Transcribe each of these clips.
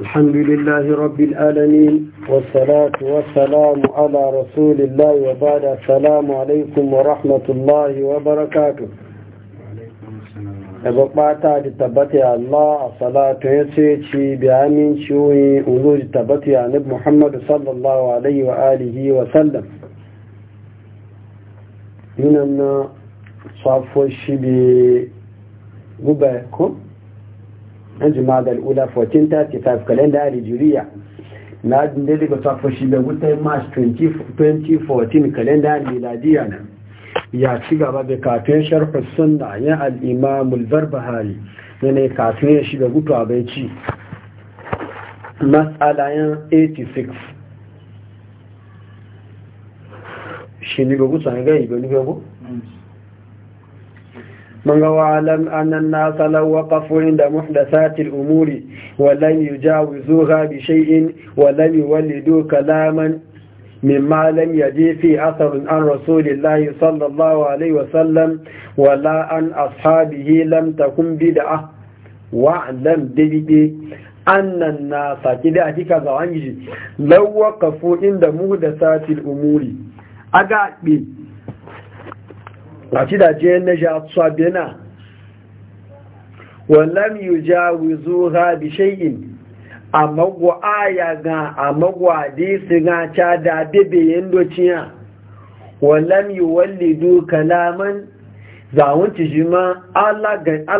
الحمد لله رب العالمين والصلاة والسلام على رسول الله وبعد السلام عليكم ورحمة الله وبركاته ebe bata da tabbata Allah a salatu ya ce ci bi aminci wani uzo da tabbata a nabi Muhammadu sallallahu alaihi wa alihi wa sallam yunan na safo shi bi an juma da al'ula 1435 kalenda alijiriya na adin da daga tafashi da wutar march 2014 kalenda miladiya na ya ci gaba da kafin sharfar sunna ya al'imamul barbahari yanayi kafin ya shiga gutu abinci matsalayen 86 shi ne ga gutu an gani ga من وعلم أن الناس لو وقفوا عند محدثات الأمور ولن يجاوزوها بشيء ولن يولدوا كلاما مما لم يجي في أثر عن رسول الله صلى الله عليه وسلم ولا عن أصحابه لم تكن بدعة واعلم دبي أن الناس كده أتيك زوانجي لو وقفوا عند محدثات الأمور أقعد àti ìdàjẹ́ ẹlẹ́ṣẹ́ na wọ́n lẹ́m yóò já wùzú ha bí ṣe yìn gan àmọ́gbọ́ àdíṣì gan chádà bébèyẹ ndòchíyà wọ́n lẹ́m yóò wọ́lè dú kalaman ma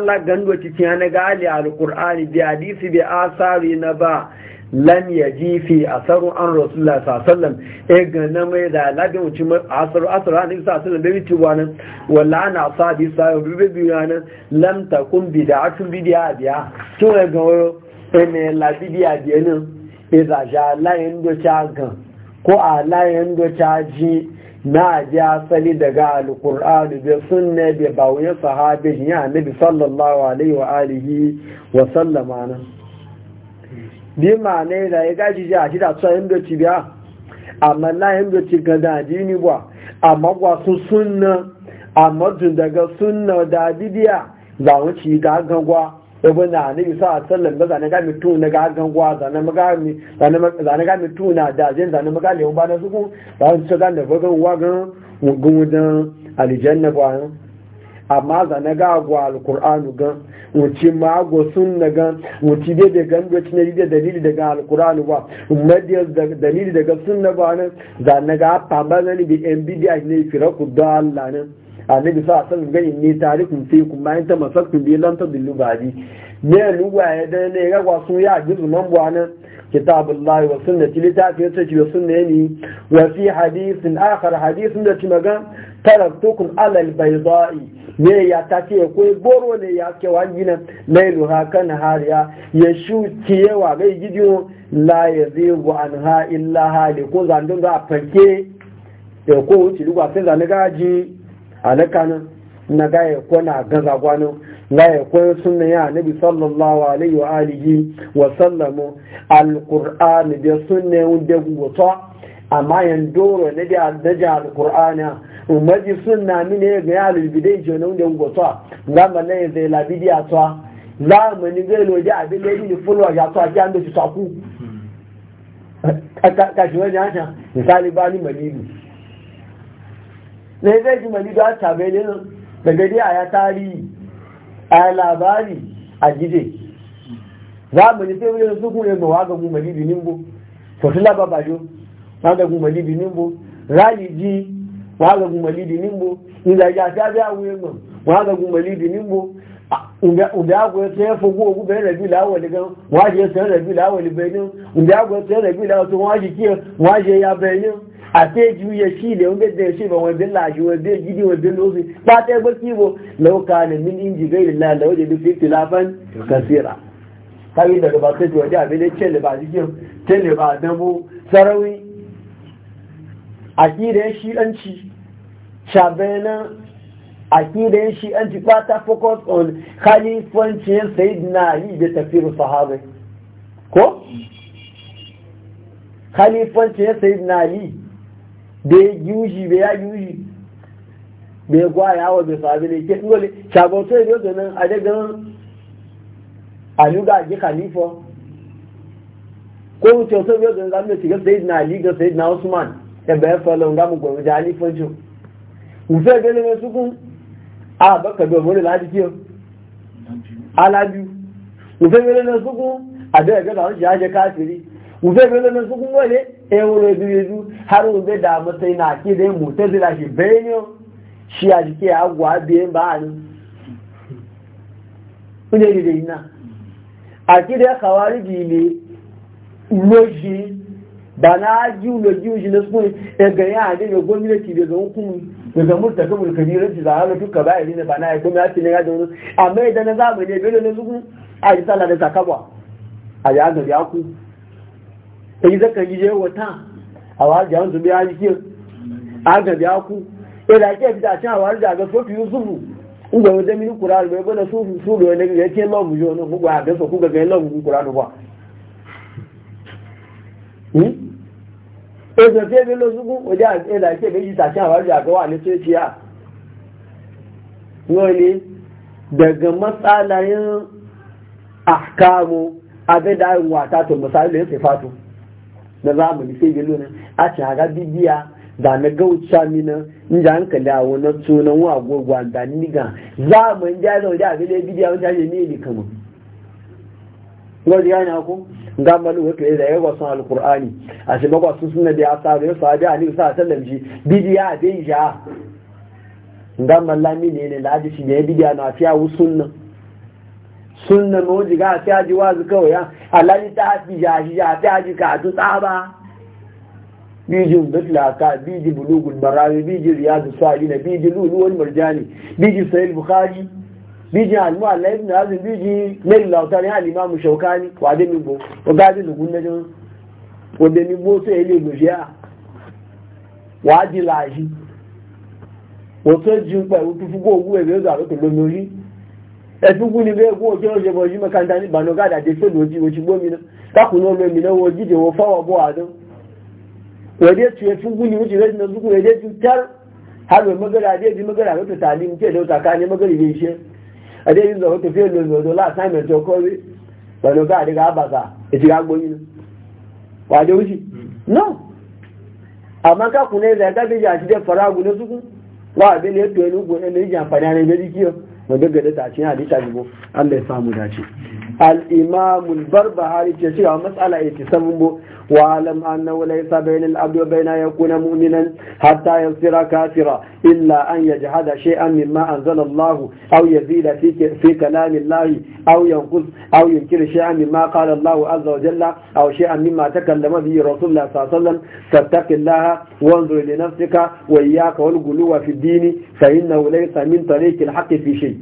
Allah gandoci tiyana ga ali bi hadisi bi asari na ba lam ya ji fi asaru an rasulullah sallallahu e gana mai da lagin wuce asaru asaru an nabi sallallahu bai wuce wani wala ana sabi sayo bibe biyu nan lam ta kun bida'atun bidiya biya tun ya ga wayo ene la bidiya biya nan e za ja layin do cha gan ko a layin do cha ji na ji asali daga alkur'ani da sunna da bawuye sahabi ya nabi sallallahu alaihi wa alihi wa sallama nan bí ma ní ilẹ̀ ẹgá jíjẹ àti ìdàtọ́ ẹ̀mdọ̀ ti bí a àmà láì ẹ̀mdọ̀ ti gàdà àdí níwà àmà wà sun suna, a dùn daga suna da àdídí za zàwọn ti ga gangwa ebe na ní isa a sallan ba zane gami tun na ga gangwa zane gami tun na dajin zane magali ba na suku Ba su gan da fagen wagan gungudan alijan na bayan amma zane ga agwa alkur'anu gan wuce ma sun na gan wuce dai da gan wuce ne da dalili daga alkur'anu ba umadiya dalili daga na ba nan zane ga fama zane bi yan bidiya ne fira ku da Allah nan bisa sa sallam gani ne tarikum fi kun bayan ta masakku bi lan ta dillu bi ne luwa ya da ne ga sun ya gizu nan bu nan كتاب الله وسنة لتعفية تجي وسنة وفي حديث آخر حديث نتي مقام تركتكم على البيضاء ne ya ta ce akwai boro ne ya ke wajina lailu haka na hariya ya shuci yawa gai gidiyo la ya zebu an ha illa hali ko zandun ga fanke ya ko wuce duk wasan zane gaji a nakanin na gaya ko na gaza gwano gaya ko sunna ya nabi sallallahu alaihi wa alihi wa sallamu alqur'an bi sunna wanda gota amma yan doro ne da daja alqur'ana umaji sunna mine ga ya albidai jona wanda gota ngamba ya zai labidi atwa mani zai loje abin da yi fulwa ya to ajiya da su taku ka shi wajen haka misali ba ni malibu ne zai ji malibu a tabe ne nan daga riya ya tarihi a labari a gide za mu nufe wani su kuma ma waga mu mali bi bo? to tula ba bajo waga mu mali bi nimbo rali ji wa mu mali bi nimbo ni da ya ta ga wuye mu waga mu mali bi nimbo unda agwe sai fugo ogu be rabi lawo daga waje sai rabi lawo libeni unda agwe sai rabi lawo to waje ki waje ya beni ate juye shi da yau da shi ba wajen lashi wajen gidi wajen lozi ba ta ba kibo lauka ne min inji gai da da wajen duk tilafan kasira yi daga ba ta wajen abin da ce ba jikin ce ba damu sarawi akidan shi danci shabena akidan shi ci ba ta focus on khalifancin sayyidina ali da tafsir sahabai ko mm. khalifancin sayyidina ali bai yuji bai ya yuji bai gwa ya wa bai sabi ne ke ngole shagon sai ne ganin a daga aluga ji khalifa ko mu ce sai ne ganin zamu shiga na ali ga na usman da bai fara nga mu gwamnati halifancin mu sai ne su kun a ka da mu da kiyo alabi mu sai ga ne su kun a da ga da ya je kafiri mu sai ga ne su kun wale ewure biyu har ube da matsayi na ake da yin mutar zira shi benyo shi a jike agwa biyan ba a nan kuje ina a kida ya kawari jini ba na ji loji oji na sukuni daga e ya hajji ga gwamnati daga hukumi daga murta kamar kabirar ci za a ka ba ba na ya gwamnati ne ya da amma idan na zamani ne belo na sukun a ji sallah da sakabwa a ji agabi aku sai zaka yi wata a wa jawan su biya yi kiyo aga biya ku eh da ke fita cin awar da ga sofi yusufu in ga wajen mini qur'an bai bana su su da wani ga ce love yo no ku ga so ku ga ga love ku ba hmm eh da ke bi lozugu waje eh da ke yi ta cin awar da ga wa ne ce ciya daga matsalayin ahkamu abin da ayin wata to misali da ya sifatu na zamani sai gelo nan a ci haga bibiya da na gauca mina in ji hankali a wani tsonan wa gwagwa da niga zamani ya zaune a gile bibiya wani tashi ne ne kama gwaji ya na ku ga malu wato ya zaya wasan alkur'ani a shi magwasun suna da ya sa, da ya sabi a nisa a talabji bibiya a bai ja ga malami ne ne da aji shi ne bibiya na fiya wusun nan sunna mo jiga ti aji wazu kawai ya alali ta fi jaji ya ti ka tu tsaba biji bitlaka biji bulugul barawi biji riyadu salina biji lulu marjani biji sahih bukhari biji alimu ala ibn azim biji mẹ́rin lautari alimamu shaukani wà dé mi gbò ó gáàdì lùgún lẹ́jọ́ wa dé mi gbó tó ilé ìlòṣẹ́ à wà á di láàyè ó tó jí ń pẹ̀lú tó fúgbó owó èrè ọ̀dọ̀ àlókè lómi orí ẹ̀sùnkú ni bí ẹgbó òjò òjò bọ̀ yìí mẹ́kàntà ní ìbànúgádà dé sódò ojú ojú gbómìnà kákùnú ọmọ èmì náà wọ́n jíjẹ̀ wọ́n fọ́wọ́ bọ́ àdán wẹ̀dẹ́ tu ẹ̀fúnkú ni wọ́n rẹ̀ sùnkú wẹ̀dẹ́ tu tẹ́r hàlùwẹ̀ mọ́gẹ́rẹ́ adé di mọ́gẹ́rẹ́ àlọ́tò tààlí ní tẹ́lẹ̀ òtàkà ní mọ́gẹ́rẹ́ ilé iṣẹ́ adé yìí lọ́wọ́ tó fẹ́ lọ́nà nọ wanda gada ta cikin hadisa jibo Allah ya samu dace الإمام البربهاري تشيع مسألة 87 واعلم أنه ليس بين العبد وبين أن يكون مؤمنا حتى يصير كافرا إلا أن يجحد شيئا مما أنزل الله أو يزيد في, في كلام الله أو ينقص أو ينكر شيئا مما قال الله عز وجل أو شيئا مما تكلم به رسول الله صلى الله عليه وسلم فاتق الله وانظر لنفسك وإياك والغلو في الدين فإنه ليس من طريق الحق في شيء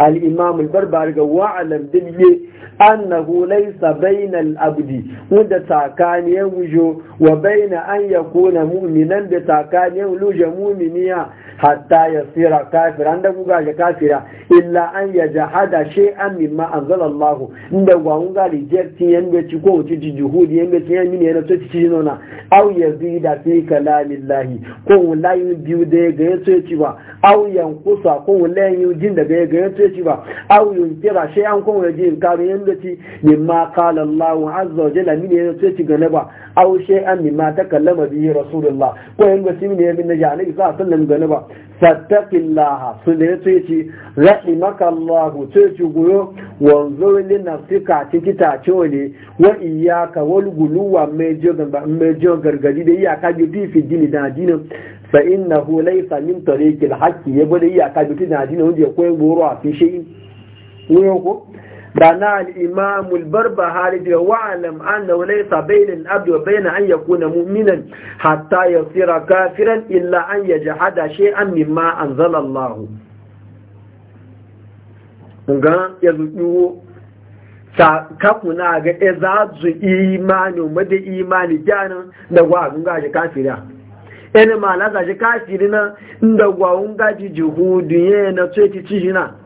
الإمام البربارقة واعلم دليل annahu laysa bainal abdi wanda ya wujo wa bayna an yakuna mu'minan da takaniyar luje mu'miniya hatta yasira kafira an da guga ga kafira illa an yajhada shay'an mimma Allah inda wa guga reject yanda ci ko ci juhudi yanda ci yanda ne na to ci nona aw yazida fi kalamillahi ko layu biyu da ga yace ci ba aw yankusa ko layu jin da ga yace ci ba aw yunkira shay'an ko yajin karu ci mimma qala Allahu azza wa jalla mine ya ce ci galaba aw shay'an mimma takallama bihi rasulullah ko yan wasi mine ya bin naja alaihi sallam galaba fattaqillaha sun da ya ce ci rahimaka Allahu ce ci goyo wanzo lin nafsika ci kita cole wa iyyaka wal guluwa mejo gamba mejo gargadi da iyaka ji fi dini da dinin fa innahu laysa min tariqil haqqi yabo da iyaka ji dini da dinin wanda ya koyi goro a fi shi ne ko بناء الإمام imam al-barbahari da wa'alam annahu laysa bayna al-abd wa hatta yasira kafiran illa an yajhada shay'an mimma ga yazuwo ta kafuna ga ezazu imani mada imani da gwagun gaji kafiriya ina ma la ga kafirina inda wa ga ji yana tsoyi ci jina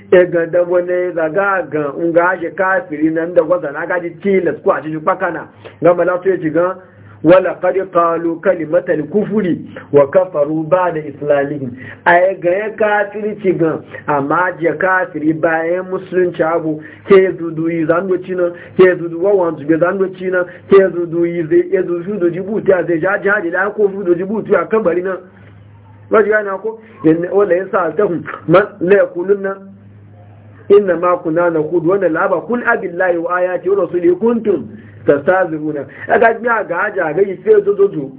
egan da wani zaga ga nga aje kafiri nan da gwaza na gaji tilas ko a cikin bakana ga malatu ya gan wala qad qalu kalimatal kufri wa kafaru ba'da islamihim ay e ga ya ci gan amma aje kafiri bayan e musulunci abu ke dudu yi zando cina ke dudu wawan zube zando cina ke dudu yi zai ke e dudu da jibuti aje zai jaji da ko dudu jibuti a kabari nan wajiya na ko yanda wala yasa altahum man la yakulunna inna ma kunna naqud wa nalaba kul abillahi wa ayati wa rasuli kuntum tastaziruna aga miya ga haja ga yi sai zo zo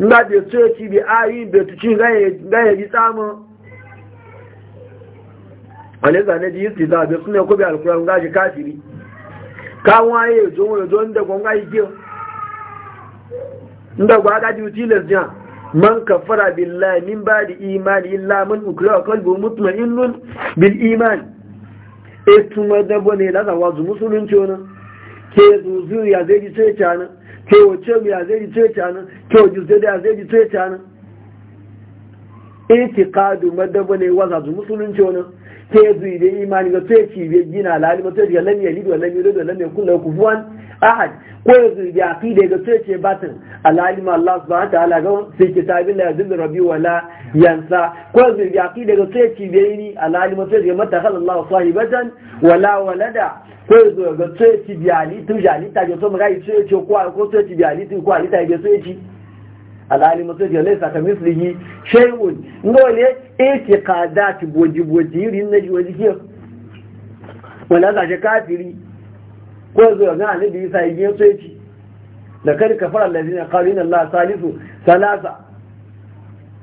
nda de so ci bi ayi be tu ci ga ga yi tsamo ale za ne ji da be sunne ko bi alquran ga ji kafiri ka waye zo wo zo nda ko ga yi ke nda ba ga ji tilas ja man kafara billahi min ba'di imani illa man ukra qalbu mutma'innun bil iman etu madabo ne lasa wazu musulunci wani ke zuzu ya zai ji tsoye cana ke wace mu ya zai ji tsoye cana ke wajen zai ya zai ji tsoye cana kadu madabo ne wazazu musulunci wani ke zuwa imani ga tsaye ci cibiyar gina lalima tsaye ga lamiyar lido lamiyar lido lamiyar kula ku kufuwan ahad ko ya zurbi a fi daga sai ce batin al'alima Allah subhanahu wa ta'ala ga sai ke tabi la yazil rabi wala yansa ko ya zurbi a fi daga sai ce bayani al'alima sai ce mata khala Allah sahibatan wala walada ko ya zo ga sai ce biyali tu jali ta ga so mai sai ce ko ko sai ce biyali tu ko ali ta ga sai ce al'alima sai ce laisa ka mislihi shay'un ngole itiqadat boji boji rin na jiwa jikin wala za ka kafiri ko zo ga annabi Isa yi yin ya ci da kar kafara allazina qalu inna Allah salisu salasa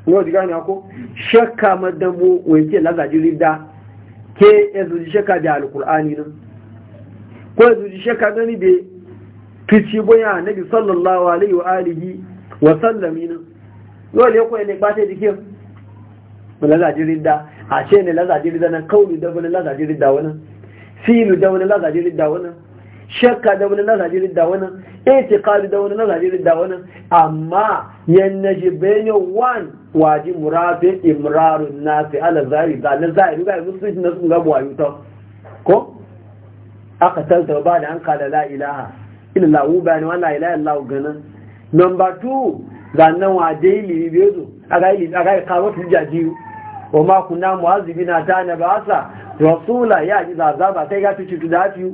ko diga ne ko shakka madamu wai laza lazaji ridda ke yanzu shakka da alqur'ani nan ko yanzu shakka gani be kici boya annabi sallallahu alaihi wa alihi wa sallam nan yo le ko ne ba ta dike Laza jirida a ce ne laza jirida nan kauli da wani laza jirida wani filu da wani laza jirida wani shakka da wani nazari da wani itikadi da wani nazari da wani amma yanna shi bayan wan waji murafi imrarun nasi ala zari da na zari ga musulunci na sun gabu wayo ko aka tanta ba da an kada la ilaha illa hu bayani wa la ilaha illa hu ganin number 2 zannan waje a bezo aga ilimi aga kawo tujajiyu wa ma kunna mu'azzibina ta na asa rasula ya ji zazaba sai ga tuci tudatiyu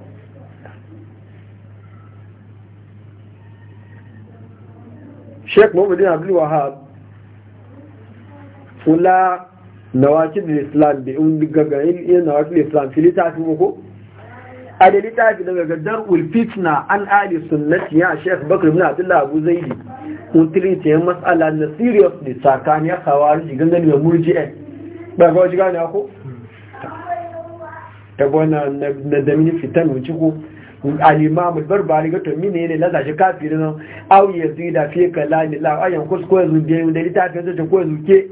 sheik muhammadin abdul wahab fula nawakil islam bi un gaga in nawakil islam fi litafi muku a da litafi daga gaddar ulfitna an ali sunnati ya sheik bakr ibn abdullah abu zaidi kun tilinta yan matsala na seriously tsakani ya kawar shi gangan murji murji'e ba ga wajen gane ako ta gwana na damin fitan wuce ko Alima alimamu barbari ga to mine ne laza shi kafiri nan au ya zuyi da fiye kalami la ayan kusko ya zuyi biyu da littafin zai ko ya zuke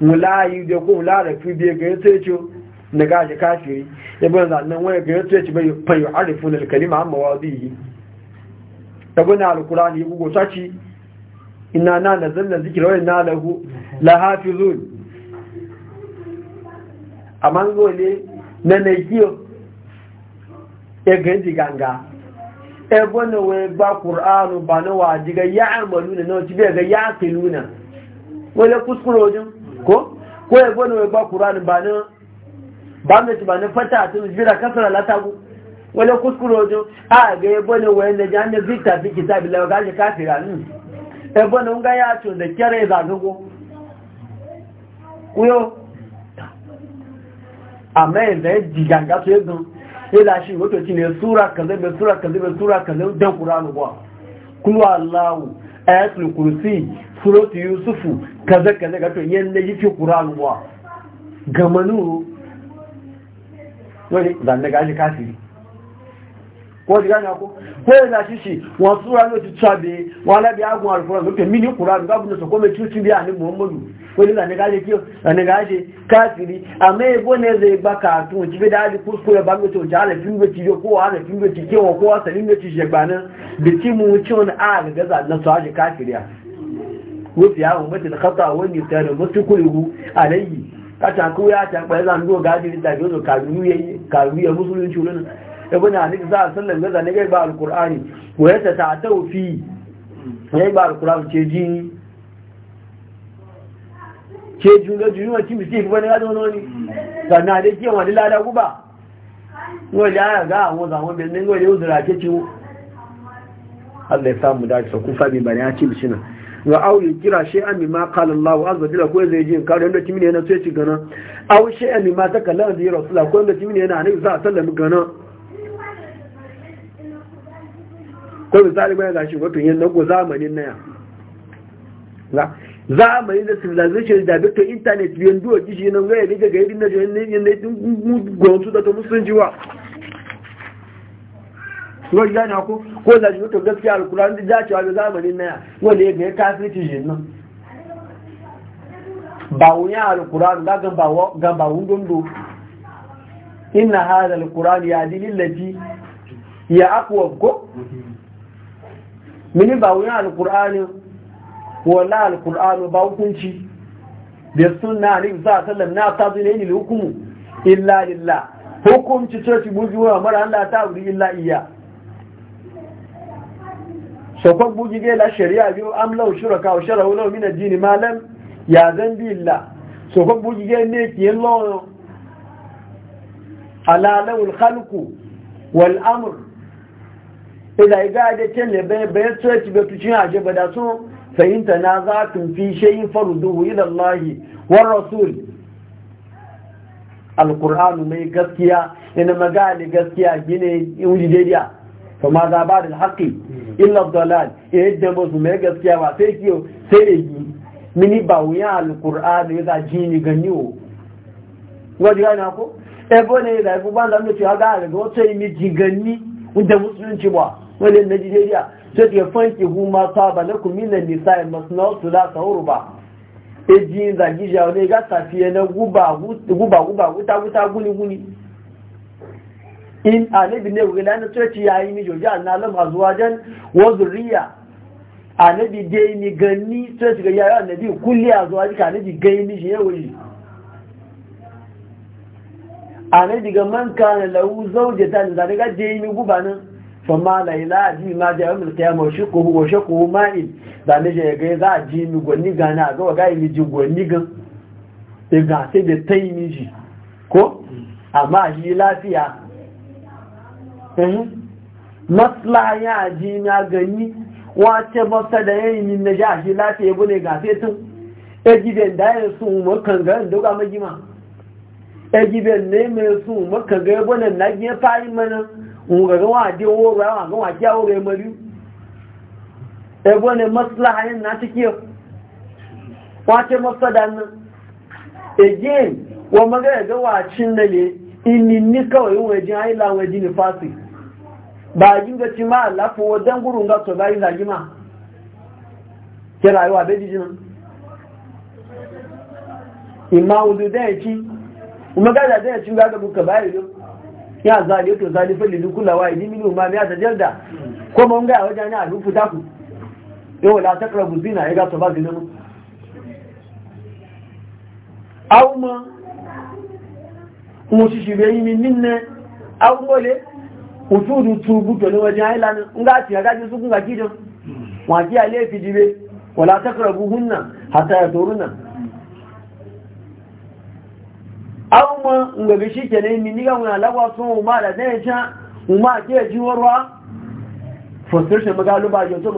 mulayi da ko mulara fi biyu ga yato ce na gashi kafiri ya bayan zanen wani ga yato ya ce bai fayu arifu na kalima amma wa biyi ta guna alkurani ya gugu saci ina na na zanna zikira wani na lahu la hafizun amma ne na na kiyo egan e jiganga ebo na we ba qur'anu ba na wa diga ya amalu na no ti be ga ya kiluna wala kuskuro jin ko ko ebo na we ba qur'anu ba na ba me na fata tun jira kasara latagu wala kuskuro jin a ga ebo na we na janne victor fi kitabi la ga ji kafira ni hmm. ebo na e nga ya to da kere za gugu kuyo amen da jiganga to egun sai da shi wato ne sura kaza mai sura kaza mai sura kaza dan qur'anu ba kullu allahu ayatul kursi suratu yusufu kaza kaza ga to yanda fi qur'anu ba gamanu wani zan daga shi kafiri ko diga na ko ko na shi shi won sura ti tsabe won la agun alquran ko mi ni quran ga bu so ko me bi ani muhammadu ko ne kafiri ne ze gba ka tun ti be dali kuskure ba ngoto jale fin be ti yo ko ala fin be ti ko ti je gbana bi ti mu chon a ga za na so aje kafiriya fi awon mati da khata wani tare ta ku ibn hanif za sallan gaza ne gai ba alkur'ani wa ya ta ta fi ne ba alkur'ani ce ji ce jun da junuwa ci misi fi bane gado wani sannan dai ke wani lada guba wani ya ga awon zamon birnin gwai yau zira ke ciwo Allah ya samu dace ku fabi bane ya ci misi nan wa auri kira shi'an mimma qala Allah azza jalla ko zai ji kare da kimi ne na sai ci gana aw shi'an mimma takallama da rasulullah ko da kimi ne na ne za a sallama gana ko misali mai gashi wato yin nago zamanin naya zamanin da civilization da bito internet biyan duwa kishi nan ga yadda ga yadda na yin na gonsu da ta musulunci wa ko ji na ko ko da jito gaskiya alquran da dacewa da zamanin naya wanda ya ga kafirci yin nan ba wuya da ga ga ba wundondo inna hadha alkur'an yadi lillati ya aqwa ko mini ba wuyan alkur'ani wala alkur'ani ba hukunci da sunna ne za sallam na ta zai ni hukumu illa lillah hukunci ce shi buji wa mara Allah ta wuri illa iya ko buji ga la shari'a biyu am la ushura ka ushara wala min ad-din ma lam ya zan bi illa ko buji ga ne ki lo ala lawul khalqu wal amr Ilayi ga ɗaya dakan ne bai san yanzu ba tushiyoyi ashe ba da sun. Fahimta na zata tun fi shan yi faru don. wa rasul al mai gaskiya ina ma gane gaskiya gine in wuce jiya. Kama za ba daga haƙƙi in labtar da ni. Ina yanzu ma gaskiya ba sai ƙi yau. Sai me yi ni ba wuya al-Quran zai ji ni gani o. Wajen na ko, ina fa ne ilayi kuma ban da shi ba haka har yanzu. Wancen yana ji gani wajen musulunci ba. wajen na nigeria sai ke fanki huma saba na na nisa masu na wasu za sauru ba e yin zagi ja wani ga ya na guba guba wuta wuta guni guni in Anabi ne wuri na coci ya yi ni jojiya na lamar zuwa jan wazu riya. anabi dai ni gani sai shiga yaya anabi kulli a zuwa jika anabi gani shi yawo anabi ga man kana lahu zawjatan da ga dai ni guba nan. fama la ila ji ma ja shi qiyamah shukuhu shi shukuhu ma'in da ne je ga za a ji mi gani a ga wa ga mi ji gonni gan e ga sai da yi mi ji ko amma shi lafiya eh maslaha ya ji na gani wace masa da ya yi min na ja shi lafiya bune ga sai tun e gidan da ya sun mu kan ga da ga magima e gidan ne mai sun mu kan ga bune na ge fa'i mana òun gẹ̀gẹ́ wọ́n àdé owó rẹ̀ àwọn àgbọ́n àjẹ́ owó rẹ̀ mọ́rí ẹgbọ́n ni mọ́sílá ayé náà tí kí ọ wọ́n tẹ́ mọ́sílá náà again wọ́n mọ́ gẹ́gẹ́ wà chin lẹ́lẹ̀ ìní kawai wọ́n ẹjìn ayé láwọn ẹjìn ga ci máa láfún wọ́n ya zali to zali fa lilu kula wa ni minu ma ya tajalda ko mun ga wajen na rufu ta ku yau la takrabu zina ya ga to ba zina mu aw ma mu shi shi bayi min ninne aw mole utudu tubu to ne wajen aila ne nga ti ga ji su kun ga gidan wa ji ale fi jibe wala takrabu hunna hatta yaduruna amma nga ga shi kenan min ni ga mun alawa so ma da zai ta ma ke ji warwa frustration magalu ba yo to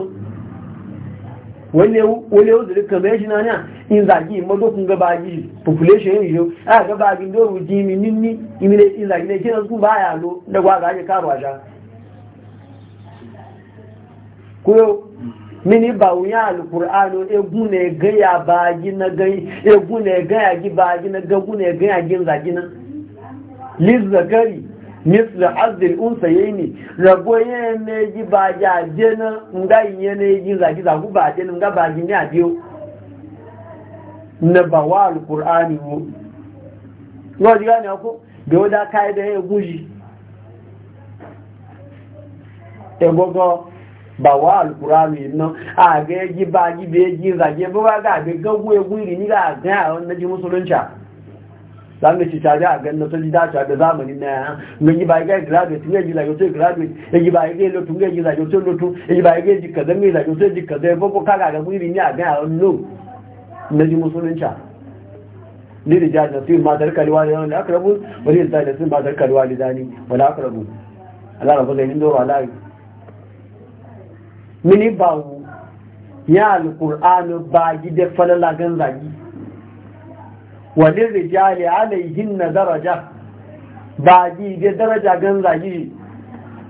wale wale wale kamar shi na nya in zagi ma do kun ga bagi population yin yo a ah, ga bagi do ruji min min ni imile in zagi ne na su ba ya lo gwa ga ya karo aja mini ba wuya alkur'ano egu ne gaya ba na gai egu ne gaya gi ba na gagu ne gaya gin za gina lizzakari misli azil unsa yini rago ne gi ba ja jena nga yin ne gi za gi za ku ba na nga ba gi ne abiyo na ba wa alkur'ani wo wa diga ne ko da kai e da ya guji egogo ba wa alkurani nan a ga yaji ba ji be ji za zage ba ga be ga e ya ri ni ga ga na ji musulunci dan ne ci ta ga ga ganin sun da dace da zamani na ga ji ba ga graduate ne ji la yo sai graduate ya ji ba ga lotu ga ji za zage sai lotu ya ji ba ga ji kaza me zage sai ji kaza ba ko ka ga ga ri ni a ga no na ji musulunci ni da jihar nasir ma da rikarwa ne yawan akrabu aka rabu wani da sun ma da rikarwa da zani wani akrabu rabu Allah rabu zai yin dora ala'i mini bawo ya alkur'anu ba gi falala gan zagi wadin rijali alaihin na daraja ba gi da daraja gan zagi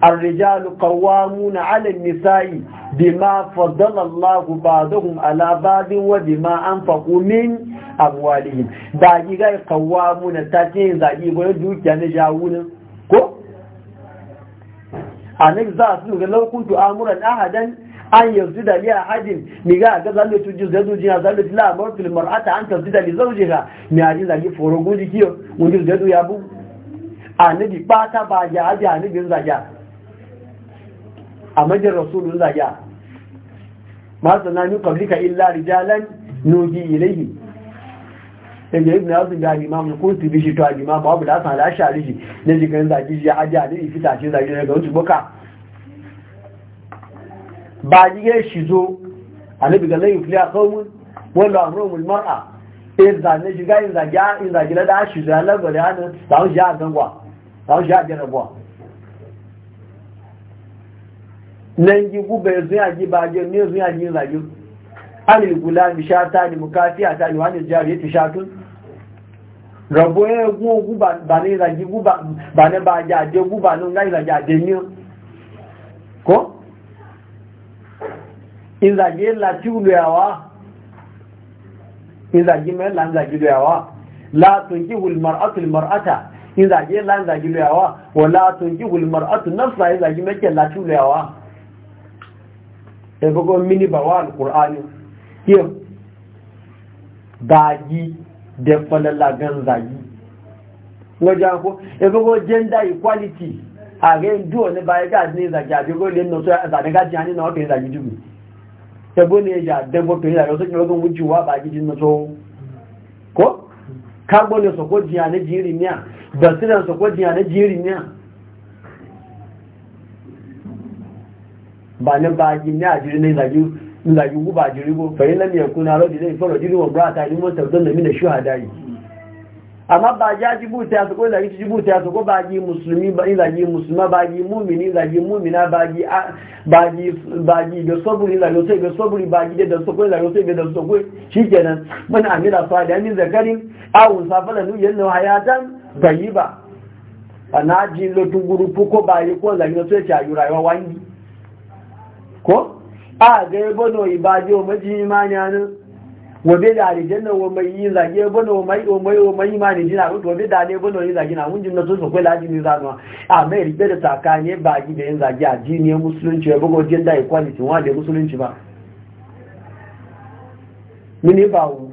alrijalu kawamu na alin nisa'i bi ma fadalallahu ba al'a alababin wa bima an min abuwalihin ba gi gai kawamu na takin zagi wani dukiya na jawunin ko? anik nan za su ga lokuntu amuran ahadan an yanzu da liya hadin mi ga ga zan tu juz da jiya zan tu la mar fil mar'ata an tafi da zawjiha mi aji da ki foro guji kiyo mun juz da du ya bu annabi ba ta ba ya aji annabi za ya amma rasulun za ya ma sanna ni qablika illa rijalan nuji ilayhi daga e ibn azin da imam kunti shi to imam abu da san la sharihi ne jikan zaki ya aji annabi fitace zaki daga wuce boka ba ya shi zo annabi ga layin fiya kawun wanda amurumul mar'a in e zane shi, in e zage in e zage na da shi zai lambar ya nan samun shi a gangwa samun shi a jarabwa nan gi gube sun yaji ba je ne sun yaji in zage alil gulam shata ni mukafiya ta ni wani jariyati shatun rọ̀bọ̀ ẹgbùn ogun bà ní ìrìnàjí gúbà ní bá ajá àjẹ́ gúbà ní ìrìnàjí àjẹ́ ní ko. inzage lati uluyawa inzage me la inzage uluyawa la tunkihu almar'atu almar'ata inzage la inzage uluyawa wa la tunkihu almar'atu nafsa inzage me ke lati uluyawa ebe go mini ba wa alqur'ani ke gaji da falala la zagi wajen ko ebe go gender equality a e ga ndo ne ba ga ne zagi abi go le no so zagi ga jani na o ke zagi dubu tabo ne ya dabo to yana wasu kirogun wucewa ba gidin na so ko kagbo ne soko jiya na jiri niya basiran soko jiya na jiri niya ba na ba gi ni a jiri na zagi zagi guba jiri ko fa yana mai kuna rodi zai fara jiri wa brata ni mun tabbatar da mina shuhada yi amma ba ja jibuta su ko zagi jibuta su ko ba ji musulmi ba in zagi musulma ba ji mumini zagi mumina ba ji ba ji ba ji da saburi zagi sai da saburi ba ji da saburi zagi sai da saburi shikenan mun amira salihan min zakarin aw safala nu yanna hayatan tayyiba ana ji lotun gurupu ko ba yi ko zagi sai ta yi rayuwa wani ko a ga yabo no ibaji o maji imani anan wabe da alijanna wa mai yi zage bane wa mai wa mai wa mai ma ne jina wato wabe da ne bane yi zage na mun jinna sun sokwai kai laji ne zanwa a mai ribe da takane ba gi da yin zage a jini musulunci ya bugo jin da equality wa da musulunci ba mini ba wu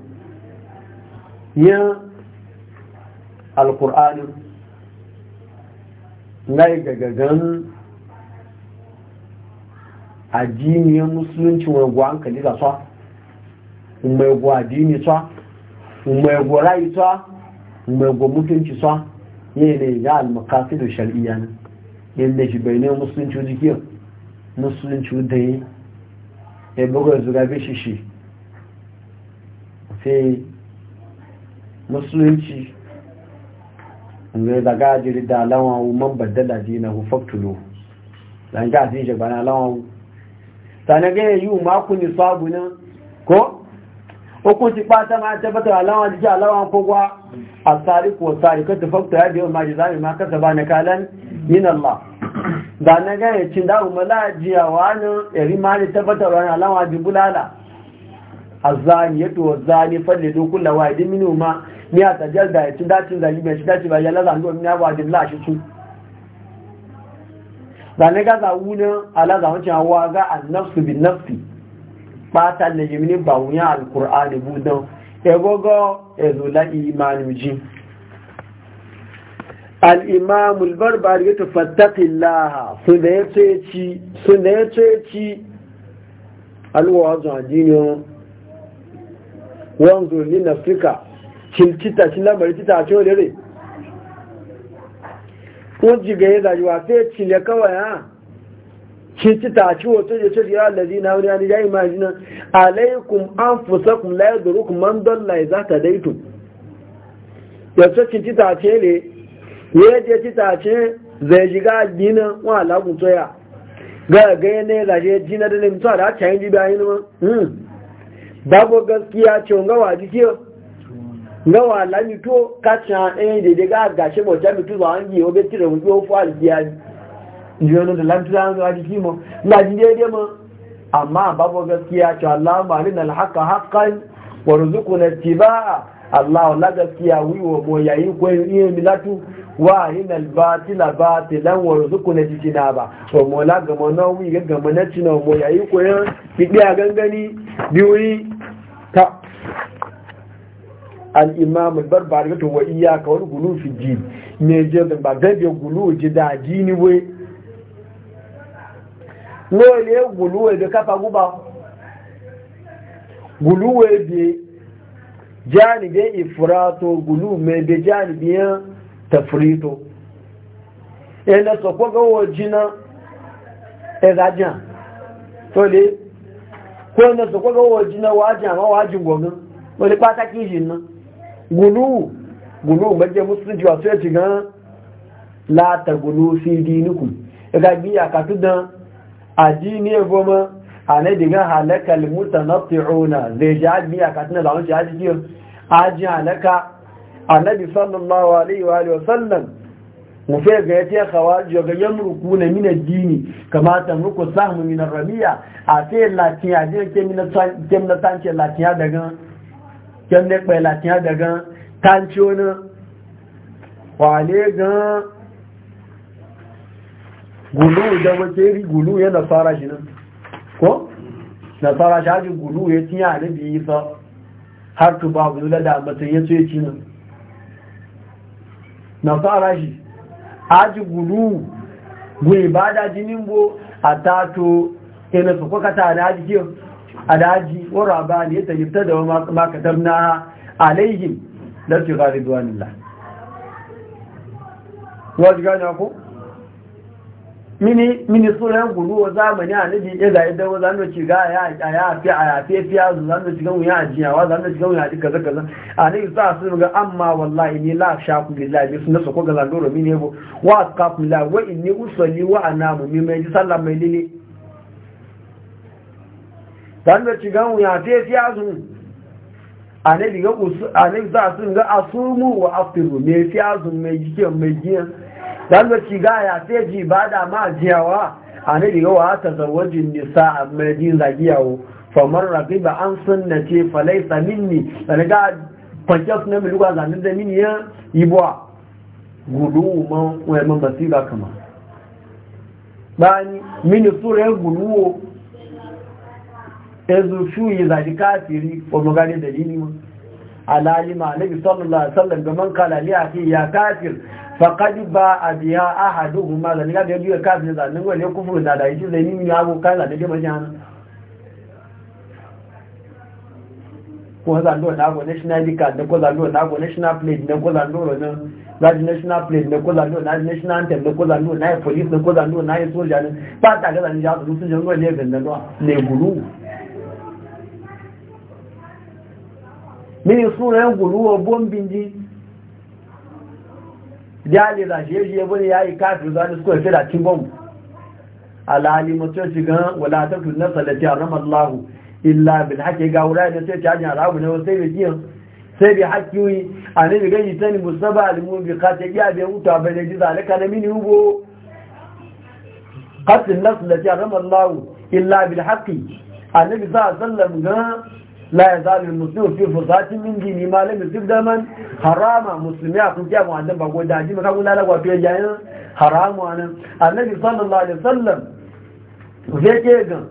ya alqur'ani ngai gagagan a jini musulunci wa gwa hankali da so umma yago addini tsa umma yago rai tsa umma yago mutunci tsa ne ne ga al-maqasid shar'iyya ne yanda shi bai ne musulunci jikin, musulunci da yi ya buga zuga bishi shi sai musulunci ne daga jiri da lawan man baddala dina hu faktulo dan ga jiri bana lawan sanan ga yi ma ku ni sabu ko hukunci fata ma tabbatar alawan jiki alawan kogwa a tsariku wa tsarikar ta fakta ya biyo maji zami ma kasa ba na kalan yin Allah da na ya cin da umala jiya wani iri ma ne tabbatar wani alawan ji bulala a ya to zani falle kulla. wa idin minu ma miya ta jalda ya cin cin zali ba shi dace ba ya laza ndo a ba da shi su da na wuna ala za wancan wa ga annafsu bin nafsi pata na jimini ba wuya alkur'ani budan egogo ezola imanu ji al ulbarbar ya tafattakin allah su da ya ceci alwawa zuwa jiniyon wanzu ni na fika cilcita shi lamari cita ce wadare kun jiga ya zaji wa sai cile kawai ha kin ci ta ci wato ya ce ya allazi na wani ani dai imagina alaikum anfusakum la yadurukum man dalla za ta daitu ya ce kin ta ce ne ya yi ci ta ce zai shiga gina wa lagun tsoya ga ga ne da je jina da ne da ta yi bayan ma hmm. babu gaskiya ce ga waji ke ga wala mito kacha eh da daga gashi mota yi ko fa alkiyani yiyonu da lantunan zuwa jiki mu lajin daidai mu amma babu gaskiya ce Allah da alhaka haƙan wa rizuku na tiba Allah la gaskiya wa mo yayi ko yi milatu wa yin albatila batilan wa rizuku na jikina ba wa mo la gama na wi ga gama na cina mo yayi ko yan bidiya gangani biyoyi ta al-imam al-barbari to wa iyyaka wal gulu fi jin me je ba gabe gulu ji da jini wai lóòlé gùlúwẹ̀ bí kápa gúbá gùlúwẹ̀ bí jánibé ìfúrátó gùlúwẹ̀ bí jánibé tafurító ẹ̀nà sọ̀kọ́ gọ́wọ́ jíná tó lé kó ẹ̀nà sọ̀kọ́ gọ́wọ́ wájí àwọn wájí gọ̀gán wọ́n ẹ̀ ti gan addini goma a na diga halakal mutanatti'una zai ji hajji a katina da wani hajji kiyon hajji halaka annabi sallallahu alaihi wa sallam mufe ga ya teka wa joga yamruku na min addini kama tamruku sahmu min rabiya a sai latin addini ke min tanke latin daga kem ne kwe latin daga tancho wa wale gan gulu da yi gulu ya nasara shi nan ko nasara shi haji gulu ya tiya a nabi isa har tu ba gulu da matan ya ce ci nan nasara shi haji gulu gwe ba da jinin bo a tato ina su kwakata da haji kiyo a daji wara ba ne ya ta da makatar na alaihim da su gari zuwa nila Wajen gani ku mini mini sunan gudu wa zamani a nabi ya zai da wazan da ga ya ya fi a ya fi fi ya zan da ciga mu ya ajiya wa zan da gan wuya ya dika zaka zan a ne za su ga amma wallahi ni la shaku billahi bi sunna ko ga zandoro mini yabo wa asqaf la wa inni usalli wa anamu mi mai sallah mai lili zan da ciga ya fi fi ya a ne ga usu a ne su ga asumu wa afiru me fi ya mai jike mai jiyan zanga ci gaya sai ji ba da ma jiyawa a nabi yawa ta zawajin nisa a madadin zagiyawo famar rafi ba an sunna ce falai samini daga kwanciyar suna mai lugwa zanen da mini ya yi buwa gudu man wayan basira kama bani mini sura ya guduwo ya zo shuyi zaji kafiri ko magani dalili ma alalima nabi sallallahu alaihi wasallam ga man kala li afi ya kafir faqad ba'a biha ahaduhuma da ni ga biyo kafir da nan gole kufuru da da yi zai ni ya go kala da jama'a jana ko za ndo na go national card da ko za ndo na go national plate da ko za ndo ro nan za di national plate da ko za ndo na national anthem da ko za ndo na police da ko za ndo na soja ne ba ta ga zan ja su sun jango ne ganda ne gulu mini suna yan guruwa bombin ji jali da shi yaji yabo ne ya yi kafin zuwa da suka fira cin bomb alhali mutum shigan wala ta fi nasa da ta rama allahu illa bin hake ga wura da sai ta hanyar rabu na wasu sai biyan sai bi hakiyoyi a ne bigan yi sani musaba alimu bi kace iya bai wuta bai da ji zalika na mini hugo kasin nasa da ta rama allahu illa bin hake annabi za a sallam gan la ya zalu muslimu fi fusatin min dini ma lam yusib daman harama muslimi a kun kiyamu annan ba goda ji maka kun lalagwa fiye yayin haramu anan annabi sallallahu alaihi wasallam zai ke gan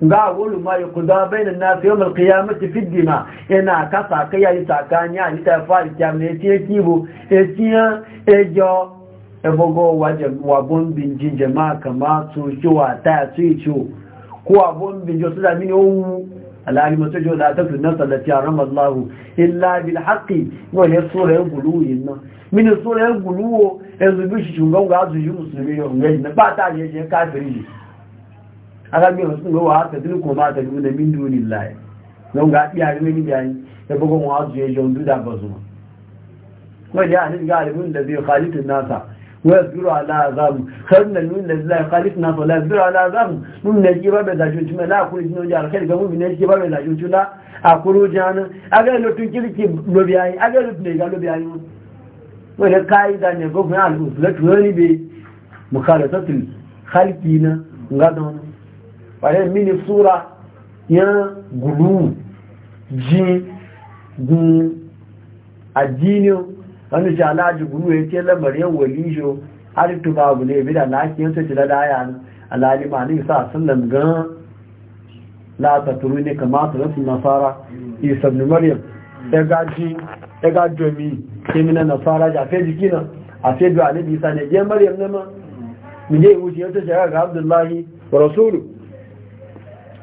ga wulu ma yuqda bayna an-nas yawm al-qiyamati fi ad-dima ina kasa kai yayi takani ani ta fari kiyam ne tie kibo ebogo waje wa bombin jin jama'a ciwa ta su ciwo ko abun bin su da mini owu al'alima ta jo na ta nasa da ta rama illa bil haqqi wa ya sura ya gulu yin min sura ya gulu yanzu bi shi shugan ga su yi musulmi ne ngai na ba ta je je kafiri ne aka bi wasu wa ta dil ko ma ta bi da min dunillahi don ga iya ne ni bayani da bugun wa su je jondu da bazuma ko ya ni ga alimin da zai khalitun nasa ويصبر على عذابهم خيرنا من الذين خالفنا فلا يصبر على عذابهم من نجيب بذا جوتما لا أقول إذن جار خير كم من نجيب بذا جوتما أقول جانا أقول لو تنكلك لبيعي أقول لو تنكلك لبيعي wani ka'ida ne gobe na al'usulatu wani bai mukalatatul halki na ga da wani ɓare mini sura ya gudu ji gun addinin wani ji alaji gunu ya ce lamarin wali jo har tuba abu ne bi da laki yanzu ci lada ya nan alalima ne sa sallan gan la ta turu ne kamata na su nasara isa ibn maryam ya gaji ya gajo mi ke mina nasara ja fe jiki na a fe do alibi isa ne jiyan maryam ne ma mi je wuce yanzu ci ga abdullahi wa rasulu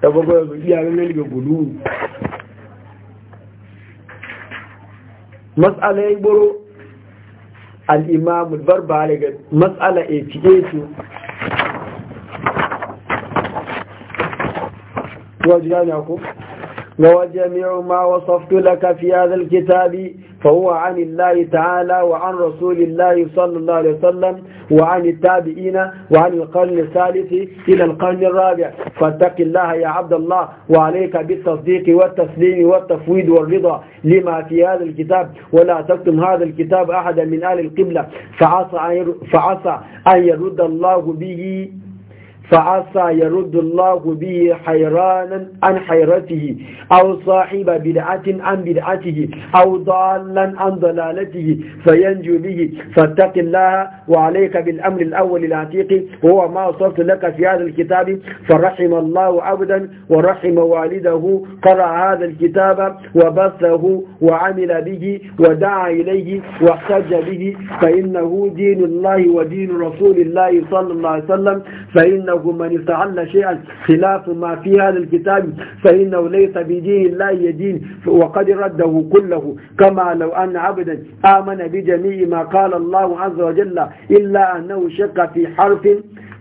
ta gogo ya zuci ya ganin ga gudu mas'ala ya yi boro al'imamu barba daga matsala 88 wajen yana ko? وجميع ما وصفت لك في هذا الكتاب فهو عن الله تعالى وعن رسول الله صلى الله عليه وسلم وعن التابعين وعن القرن الثالث إلى القرن الرابع فاتق الله يا عبد الله وعليك بالتصديق والتسليم والتفويض والرضا لما في هذا الكتاب ولا تكتم هذا الكتاب أحدا من آل القبلة فعسى أن يرد الله به فعسى يرد الله به حيرانا عن حيرته أو صاحب بدعة عن بدعته أو ضالا عن ضلالته فينجو به فاتق الله وعليك بالأمر الأول العتيق هو ما وصلت لك في هذا الكتاب فرحم الله عبدا ورحم والده قرأ هذا الكتاب وبثه وعمل به ودعا إليه واحتج به فإنه دين الله ودين رسول الله صلى الله عليه وسلم فإنه أنه من استعل شيئا خلاف ما في هذا الكتاب فإنه ليس بدين الله يدين وقد رده كله كما لو أن عبدا آمن بجميع ما قال الله عز وجل إلا أنه شك في حرف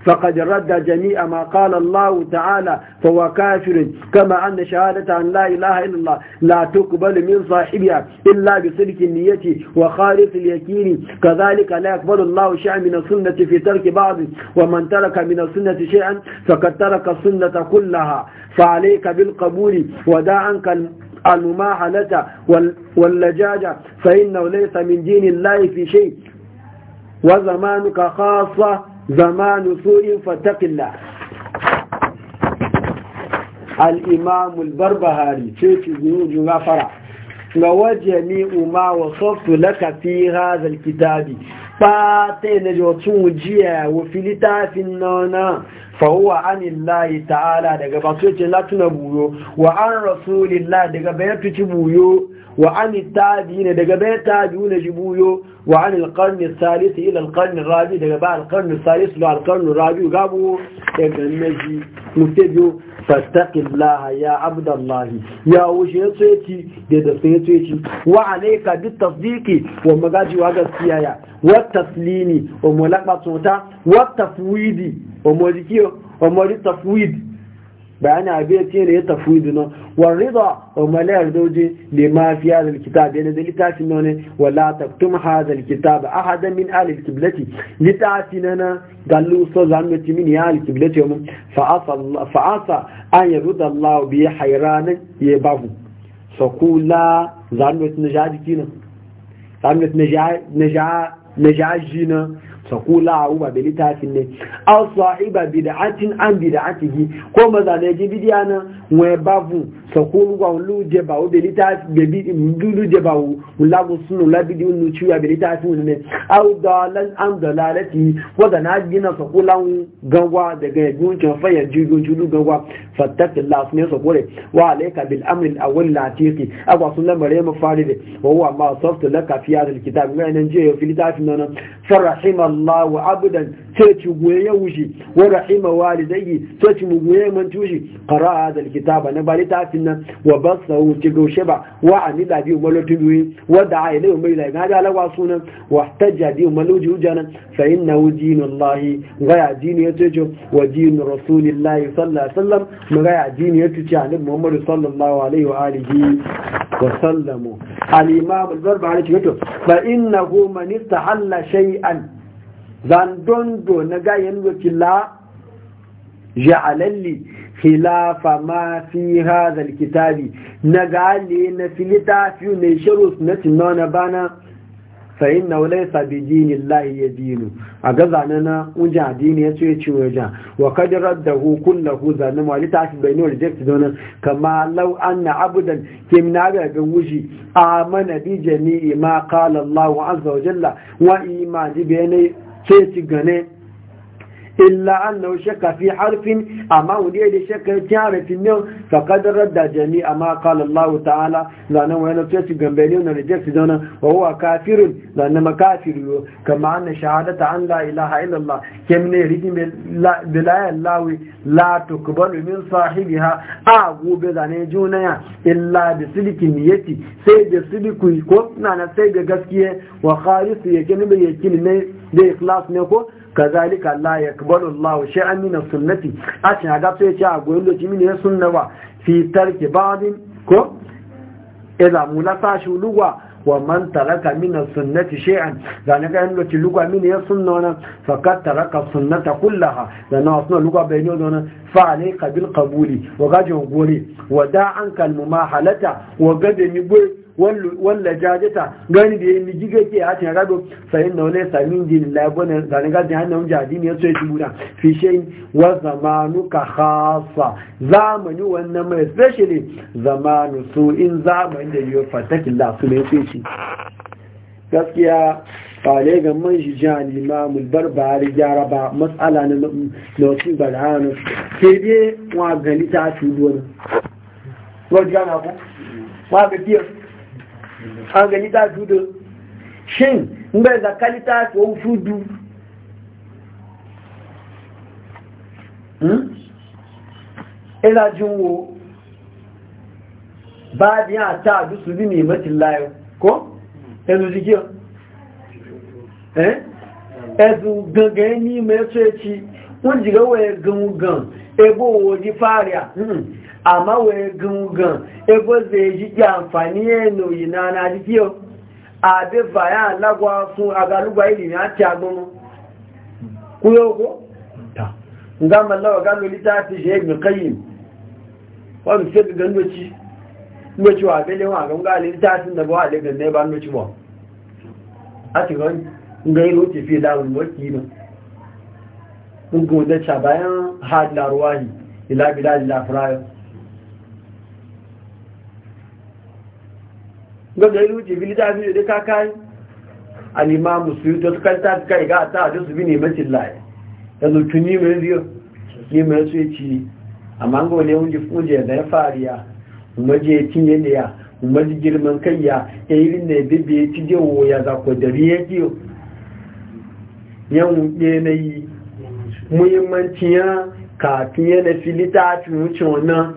فقد رد جميع ما قال الله تعالى فهو كافر كما أن شهادة أن لا إله إلا الله لا تقبل من صاحبها إلا بصدق النية وخالص اليكين كذلك لا يقبل الله شيئا من السنة في ترك بعض ومن ترك من السنة شيئا فقد ترك السنة كلها فعليك بالقبول ودا عنك المماحلة واللجاجة فإنه ليس من دين الله في شيء وزمانك خاصة zamanu su'in fatakilla al'imamul barbahari ce ci zuru gafara ga waje ni umma wa softu laka fi hazal kitabi ba ta yi na jotun jiya wa filitafin nana fahuwa an illahi ta'ala daga basocin latuna buyo wa an rasulillah daga buyo wa daga buyo وعن القرن الثالث إلى القرن الرابع دقباء القرن الثالث إلى القرن الرابع قابوا نجي مفتدوا فاتق الله يا عبد الله يا سيتي ديد سيتي وعليك بالتصديق ومقاجي وهذا سيايا والتسليم وملاقبة صوتا والتفويد ومجيكي ومولي التفويد بأن أبي تين يتفويدنا والرضا وملاك دوجي لما في هذا الكتاب يعني ذا لتعسنونه ولا تكتم هذا الكتاب أحدا من آل الكبلتي لتعسننا قال له أستاذ عمتي من آل الكبلتي فعصى, فعصى أن يرد الله بي حيران يبعه فقول لا ذا عمت نجاة كينا عمت نجاة نجاة نجاة جينا sakula uba da littafin ne aw sahiba bid'atin an bid'atihi ko mazane ji bidiya na we bavu sakulu gwa lu je ba u da littafin da bi lu je ba u la go sunu la bidi nu ci ya da littafin ne aw dalan an dalalati ko da na gina sakula gangwa daga gunkin fayar jirgin julu gangwa fattatillah ne sakure wa alayka bil amr al awwal latiqi agwa sun lamare mu faride wa huwa ma saftu laka fi hadha al kitab ma nan je fi littafin nan farahim الله عبدا تيتي غويه وشي ورحم والديه تيتي من توشي قرأ هذا الكتاب أنا بالي تافنا وبصه تقوشبا وعن الله بيه ملو ودعا إليه ملو لأيه هذا على واسونا واحتجى بيه ملو جوجانا فإنه دين الله غيا دين يتجو ودين رسول الله صلى الله عليه وسلم غيا دين يتجو عن محمد صلى الله عليه وآله وسلم الإمام البربعي فإنه من استحل شيئا zandondo na gayen wakila ja'alalli khilafa ma fi hadha alkitabi na gale na filita fi ne shirus na tinona bana fa inna laysa bi dinillahi yadinu a ga zanana unji dini ya ce ce waja wa kad raddahu kullahu ma. malita shi bai no reject donan kama law anna abudan kimna ga ga wuji amana bi jami'i ma qala Allahu azza wa jalla wa imani bi sai ci gane إلا أنه شك في حرف أما وليه شك تعرف النوم فقد رد جميع ما قال الله تعالى لأنه وين تسي جنبيني ونرجس دونا وهو كافر لأن ما كافر كما أن شهادة أن لا إله إلا الله كمن يريد بلا الله لا تقبل من صاحبها أعبو جونا إلا بسلك نيتي سيد سلك يكون أنا سيد جسكي وخالص يكين بيكين بإخلاص نيكو kazalika la yakbalu Allah shay'an min sunnati a cin aga sai ce a goyin lokaci mini e sunna ba fi tarki ba'din ko idza mulasa shuluwa wa man taraka min sunnati shay'an da ne ga lokaci lugwa mini ya e sunna wannan fakat taraka sunnata kullaha da na sunna lugwa bai ne wannan fa alayka bil wa gori wa da ankal mumahalata wa gadani walla jajata gani da yin giga ke a cikin rado sayin na wani samin jini labonin zane gajin hannun jadi ne sai shi guda fishin wa zamanu ka hasa zamani wannan mai especially zamanu su in zamani da yiwu fatakin da su mai sai gaskiya fare ga man shi jan imamul barbari gyara ba matsala na nautin barhanu ke biye wa gani ta fi duwani wajen Hmm? E an gani ta dudu shin in zakali ta tsohon fudu ìlàjúwò bá bí a ta àdúsù bí ti láyọ ẹnu jí kíọ gangan ní mẹ́tọ́ ẹ̀kí wọ́n jìgọ́wọ́ ẹ̀gùn gan ẹgbó wo ní fàárìà amma waye gungan Ego zai yi ki amfani eno yi na na ji kiyo abe vaya alagwa fun agalugba ili ni ati agbonu kuyo ko ta nga mallawa gano lita ti shi ibn qayyim wani sai ga ndoci ndoci wa bele wa ga ngali lita tin da ba da ganne ba ndoci ba ati ga ngai ro ti fi lawun wati ma ngun da cha bayan hadla ruwahi ila bilal la farayo gbogbo ilu jibili ta biyu da kai-kai-kai alimamu su yi ta kanta ta kai ga ta su bi ne mace laye da zutu ni mai riyo ni mai su yi ci amma ga wani wunji fuje na ya ya umarji ya cinye ne ya ji girman kai ya ya yi rinna ya bebe ya cije wo ya za ko dari ya kiyo yan yanayi muhimmanci ya kafin yana filita a fi wuce wannan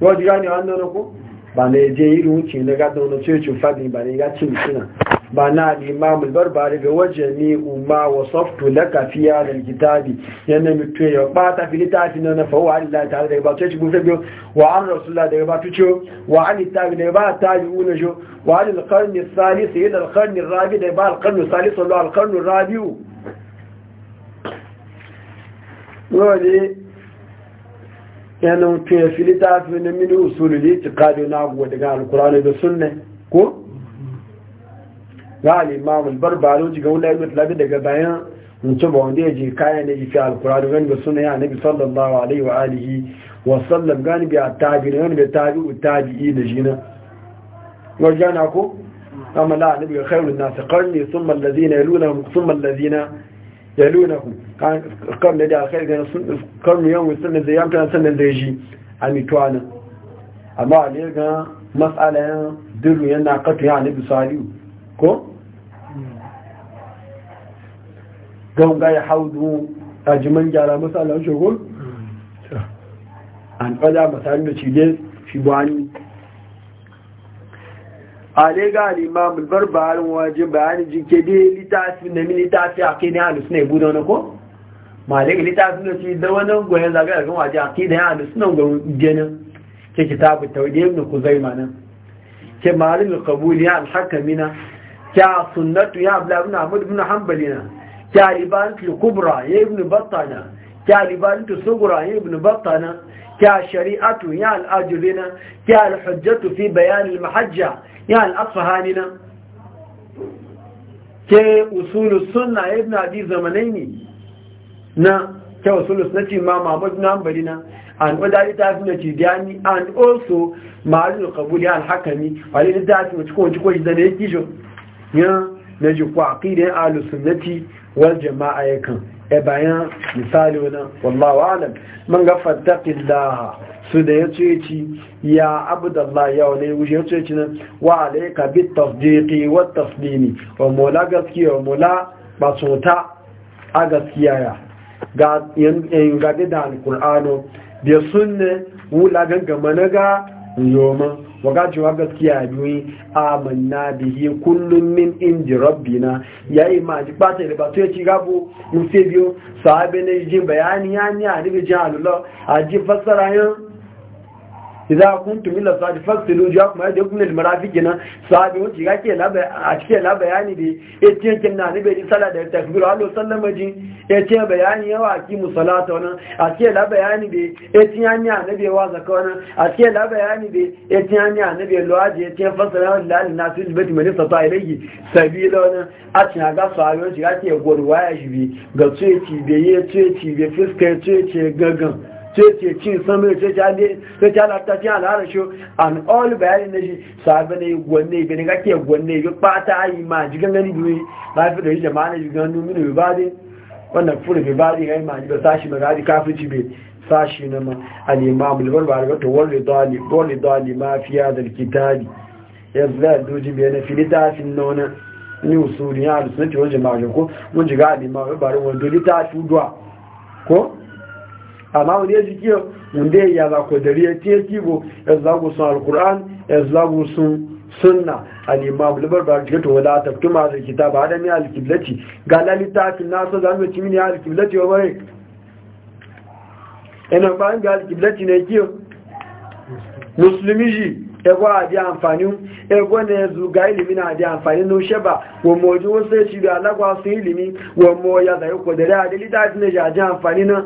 wajen gane wannan ko ba na je yi wuce na gada wani cocin fadin ba na ya ce suna ba na limamul barbari ga waje ne umma wa softu laka fiya da kitabi yana mutu ya ba ta fi littafi na na fawo an lalata tare da ba cocin gufe biyu wa an rasulullah daga ba tuciyo wa an littafi da ba ta yi una jo wa an alkarni salisu yi da alkarni rabi da ba alkarni salisu da alkarni rabiu Wọ́n yana ke fili ta fi na mini usuli da yake kaɗe na abuwa daga alkurani da sunne ko ga barbaro ji ga wula mutu labi daga bayan mutu ba wanda ya ji kaya na fi alkurani wani da sunne ya nabi sallallahu alaihi wa alihi wa sallam gani bi a tabi na wani biya tabi u i da shi na wajen ko amma la nabi khairun nasu karni sun mallazina ya luna sun mallazina yalunahu kan da da kai ga sun kan yan wusun da yan kan sanan da shi a mitwana amma a ne ga mas'alan diru yana katu ya nabi salihu ko don ga ya haudu a jiman gyara mas'alan shogo an kwada masalin da shi dai shi bani ale ga al-imam al-barbahari waje bayani jike dai litafi na mi litafi akidi ahlus sunna ibu wani ko malik litafi na ci da wannan goyen zaga kan waje da ya sunna ga jenin ke kitabu tawdih ibn kuzaima nan ke malim al-qabul ya al Ke ya sunnatu ya abla ibn ahmad ibn hanbalina ya ibn al-kubra ya ibn battana kya libantu sugura ibn battana kya shari'atu ya al-ajlina kya al-hujjatu fi bayan al-mahajja ya al afhanina ke usulu sunna ibn abi zamanaini na kya usulu ma imam ahmad na ambalina and other litafin da diani and also ma'azin qabuli al-hakami wale ta da ko cikin ko da ne ya kisho ya na jikwa aqidan ahlus sunnati wal jama'a yakan e bayan misali wani wallahu alam man ga fattakin laha su da ya ci ya Allah ya wani wuce ya ci nan wa alaika bi tasdiqi wa taslimi wa mola gaskiya wa mola basota a gaskiya ya ga yin gadi da alkur'ano da sunne wula gangama na ga yoman waga cewa gaskiya biyu amanna bihi kullum min inji rabbina yayi ma ji bata da bato ya ci gabo mu sai biyo sahabe ne ji bayani ya ni a daga jihar Allah a ji fassara yin idza kuntum illa sadi fasilu jakum ya jakum lil marafiqina sabi wuce yake la a cike la bayani da yace kin na nabi di sala da takbiru allo sallama ji yace bayani yawa ki musallata wannan a cike la bayani da yace yani annabi wa zakka wannan a cike la bayani da yace yani annabi loaje yace fasala lillahi nasil bit man istata ilayhi sabila wannan a cike ga sabi wuce yake gorwaya shi bi ga tsoye ci be yace ci be fiska yace gaggan ce cin sami ce ce halatta ce halara shi an all bayanin na shi sabi na gwanne ga ne kake gwanne ga bata yi ma ji gangani biyu fi da yi na ji gangani mini bi bari wannan fura bi ya yi ma ji ba sashi kafirci bai sashi na ma bulbar ba ma da ya zai doji na ni usuri ya wajen mun jiga ko amma wani yaji kiyo wanda ya yaza ko dariya tiye kibo ya zagu sun alkur'an ya zagu sun sunna al-imam al-barbar ga to wala taftuma da kitaba adami al-kiblati ga lalita fi nasu da mu cimini al-kiblati wa bare ina ban ga al-kiblati ne kiyo musulmi ji ẹgbọ́ àdí àǹfàní ẹgbọ́ na ẹzùgá ìlìmí na àdí àǹfàní ní oṣẹ́ bà wọ́n mọ̀ ojú ó sẹ́ ṣìrì alágbàásùn ya wọ́n mọ̀ ọ̀yàtà yóò kọ̀dẹ̀rẹ́ àdílítà àti nẹ̀ṣẹ̀ àdí àǹfàní náà